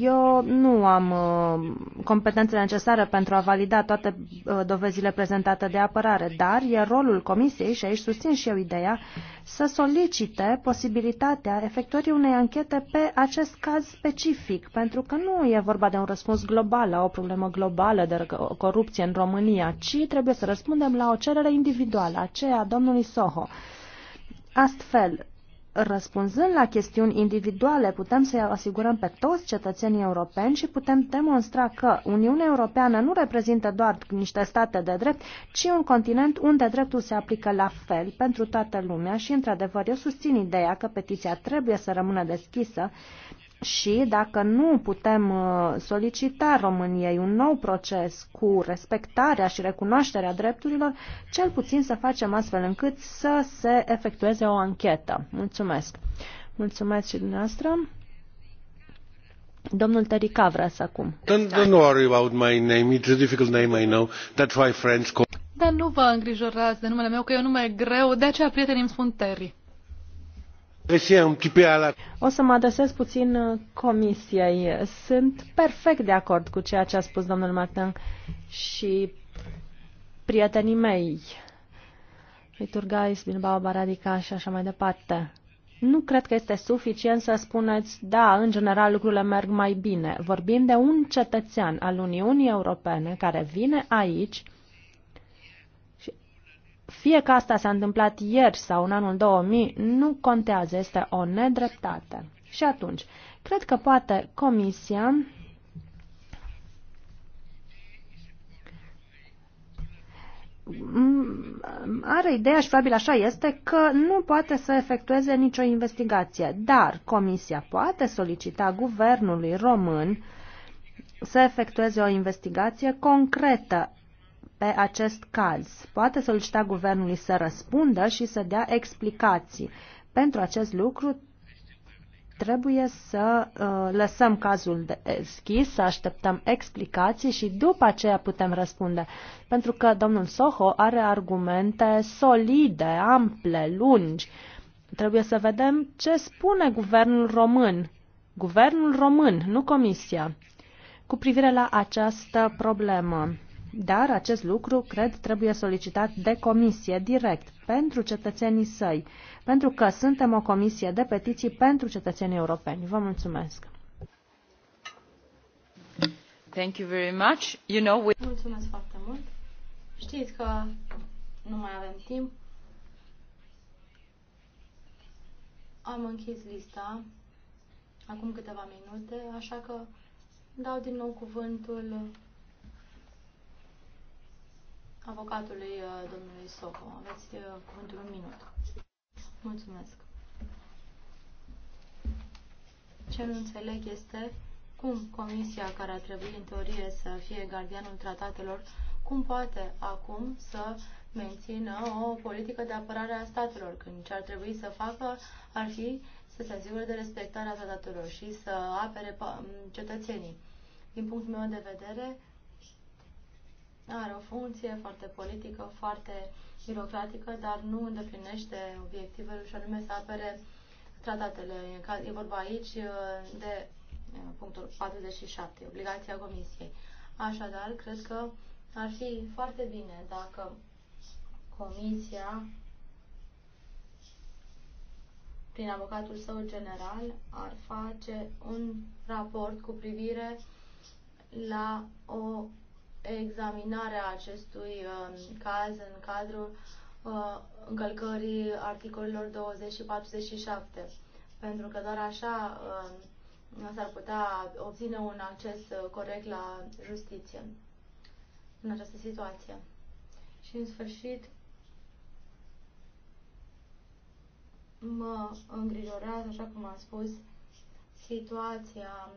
Eu nu am uh, competențele necesare pentru a valida toate uh, dovezile prezentate de apărare, dar e rolul Comisiei, și aici susțin și eu ideea, să solicite posibilitatea efectuării unei anchete pe acest caz specific, pentru că nu e vorba de un răspuns global la o problemă globală de corupție în România, ci trebuie să răspundem la o cerere individuală, aceea a domnului Soho. Astfel, răspunzând la chestiuni individuale, putem să-i asigurăm pe toți cetățenii europeni și putem demonstra că Uniunea Europeană nu reprezintă doar niște state de drept, ci un continent unde dreptul se aplică la fel pentru toată lumea și, într-adevăr, eu susțin ideea că petiția trebuie să rămână deschisă și dacă nu putem uh, solicita României un nou proces cu respectarea și recunoașterea drepturilor, cel puțin să facem astfel încât să se efectueze o anchetă. Mulțumesc. Mulțumesc și dumneavoastră. Domnul Terica vrea să acum. Dar nu vă îngrijorați de numele meu, că e un nume greu, de aceea prietenii îmi spun Terry. O să mă adresez puțin uh, comisiei. Sunt perfect de acord cu ceea ce a spus domnul Martin și prietenii mei, Liturgais, Bilbao, Baradica și așa mai departe. Nu cred că este suficient să spuneți, da, în general lucrurile merg mai bine. Vorbim de un cetățean al Uniunii Europene care vine aici fie că asta s-a întâmplat ieri sau în anul 2000, nu contează, este o nedreptate. Și atunci, cred că poate Comisia are ideea și probabil așa este că nu poate să efectueze nicio investigație, dar Comisia poate solicita guvernului român să efectueze o investigație concretă pe acest caz. Poate solicita guvernului să răspundă și să dea explicații. Pentru acest lucru trebuie să uh, lăsăm cazul deschis, să așteptăm explicații și după aceea putem răspunde. Pentru că domnul Soho are argumente solide, ample, lungi. Trebuie să vedem ce spune guvernul român. Guvernul român, nu comisia. Cu privire la această problemă. Dar acest lucru, cred, trebuie solicitat de comisie direct pentru cetățenii săi, pentru că suntem o comisie de petiții pentru cetățenii europeni. Vă mulțumesc! Thank you very much. You know we... Mulțumesc foarte mult. Știți că nu mai avem timp. Am închis lista acum câteva minute, așa că dau din nou cuvântul avocatului uh, domnului Soco. Aveți uh, cuvântul un minut. Mulțumesc. Ce nu înțeleg este cum Comisia, care ar trebui în teorie să fie gardianul tratatelor, cum poate acum să mențină o politică de apărare a statelor, când ce ar trebui să facă ar fi să se asigure de respectarea tratatelor și să apere um, cetățenii. Din punctul meu de vedere, are o funcție foarte politică, foarte birocratică, dar nu îndeplinește obiectivele și anume să apere tratatele. E vorba aici uh, de uh, punctul 47, obligația Comisiei. Așadar, cred că ar fi foarte bine dacă Comisia, prin avocatul său general, ar face un raport cu privire la o examinarea acestui um, caz în cadrul uh, încălcării articolilor 20 și 47, pentru că doar așa um, s-ar putea obține un acces corect la justiție în această situație. Și în sfârșit, mă îngrijorează, așa cum am spus, situația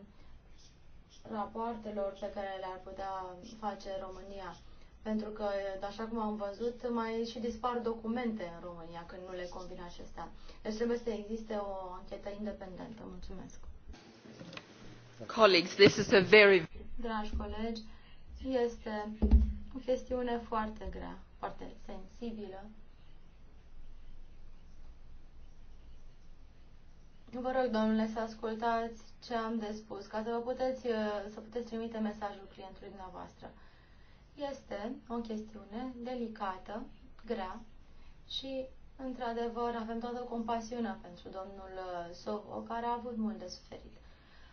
rapoartelor pe care le-ar putea face România. Pentru că, așa cum am văzut, mai și dispar documente în România când nu le convine acestea. Deci trebuie să existe o anchetă independentă. Mulțumesc. Colleagues, this is a very... Dragi colegi, este o chestiune foarte grea, foarte sensibilă. Vă rog, domnule, să ascultați ce am de spus, ca să vă puteți, uh, să puteți trimite mesajul clientului dumneavoastră. Este o chestiune delicată, grea și, într-adevăr, avem toată compasiunea pentru domnul uh, Sovo, care a avut mult de suferit.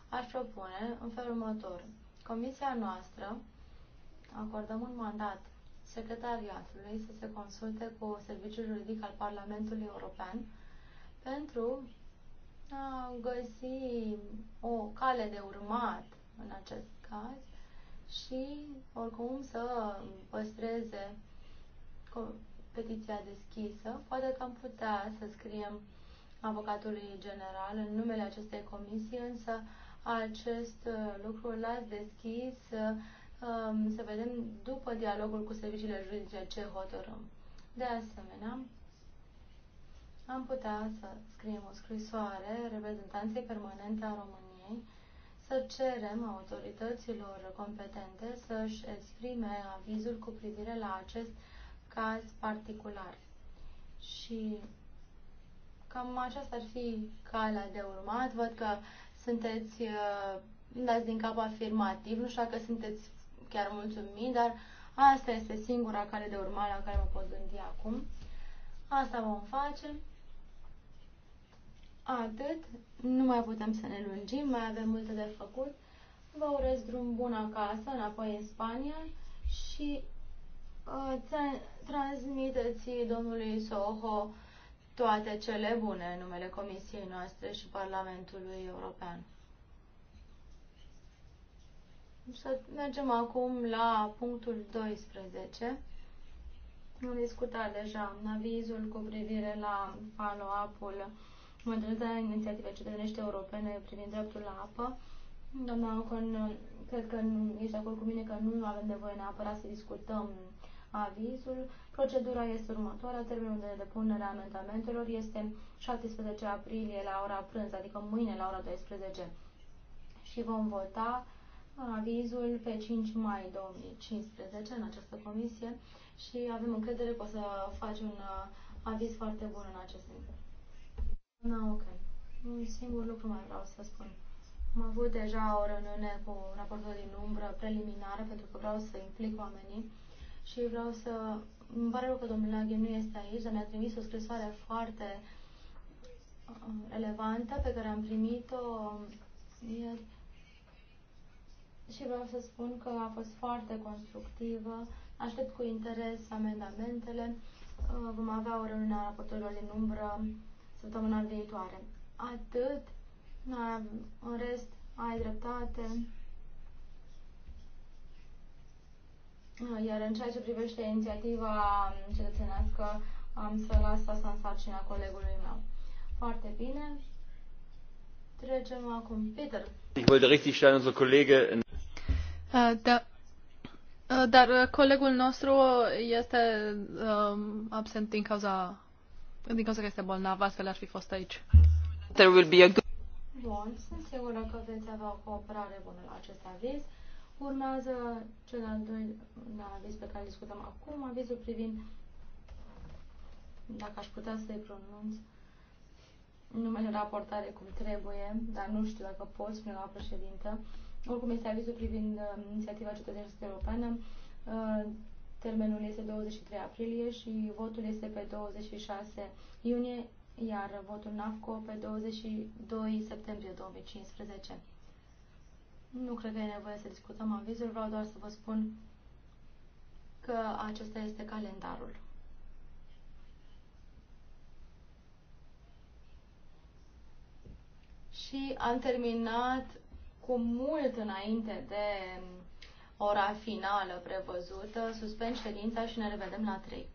Aș propune în felul următor. Comisia noastră acordăm un mandat secretariatului să se consulte cu Serviciul Juridic al Parlamentului European pentru a găsi o cale de urmat în acest caz și oricum să păstreze petiția deschisă. Poate că am putea să scriem avocatului general în numele acestei comisii, însă acest uh, lucru las deschis um, să vedem după dialogul cu serviciile juridice ce hotărâm. De asemenea, am putea să scriem o scrisoare reprezentanței permanente a României să cerem autorităților competente să-și exprime avizul cu privire la acest caz particular. Și cam aceasta ar fi calea de urmat. Văd că sunteți, uh, dați din cap afirmativ, nu știu că sunteți chiar mulțumit, dar asta este singura cale de urmat la care mă pot gândi acum. Asta vom face. Atât. Nu mai putem să ne lungim, mai avem multe de făcut. Vă urez drum bun acasă, înapoi în Spania și uh, transmiteți domnului Soho toate cele bune în numele Comisiei noastre și Parlamentului European. Să mergem acum la punctul 12. Am discutat deja avizul cu privire la follow-up-ul modernizarea inițiativa cetățenești europene privind dreptul la apă. Doamna Ocon, cred că ești de acord cu mine că nu avem nevoie neapărat să discutăm avizul. Procedura este următoarea. Termenul de depunere a amendamentelor este 17 aprilie la ora prânz, adică mâine la ora 12. Și vom vota avizul pe 5 mai 2015 în această comisie și avem încredere că o să faci un uh, aviz foarte bun în acest sens. Doamna ok. Un singur lucru mai vreau să spun. Am avut deja o reuniune cu raportul din umbră preliminară pentru că vreau să implic oamenii și vreau să... Îmi pare rău că domnul Aghin nu este aici, dar mi-a trimis o scrisoare foarte uh, relevantă pe care am primit-o um, ieri și vreau să spun că a fost foarte constructivă. Aștept cu interes amendamentele. Uh, vom avea o reuniune a raportorilor din umbră săptămâna viitoare. Atât. În rest, ai dreptate. Iar în ceea ce privește inițiativa cetățenească, am să las asta în sarcina colegului meu. Foarte bine. Trecem acum. Peter. Ich wollte richtig stellen, unser Kollege... Uh, da. Äh, dar colegul nostru este um, absent din cauza din cauza că este bolnavă, astfel ar fi fost aici. There will be a good... Bun, sunt sigură că veți avea o cooperare bună la acest aviz. Urmează cel al doilea aviz pe care îl discutăm acum, avizul privind, dacă aș putea să-i pronunț, numele raportare cum trebuie, dar nu știu dacă pot spune la președintă. Oricum este avizul privind uh, inițiativa cetățenilor europeană uh, Termenul este 23 aprilie și votul este pe 26 iunie, iar votul NAFCO pe 22 septembrie 2015. Nu cred că e nevoie să discutăm avizul, vreau doar să vă spun că acesta este calendarul. Și am terminat cu mult înainte de ora finală prevăzută. Suspend ședința și ne revedem la 3.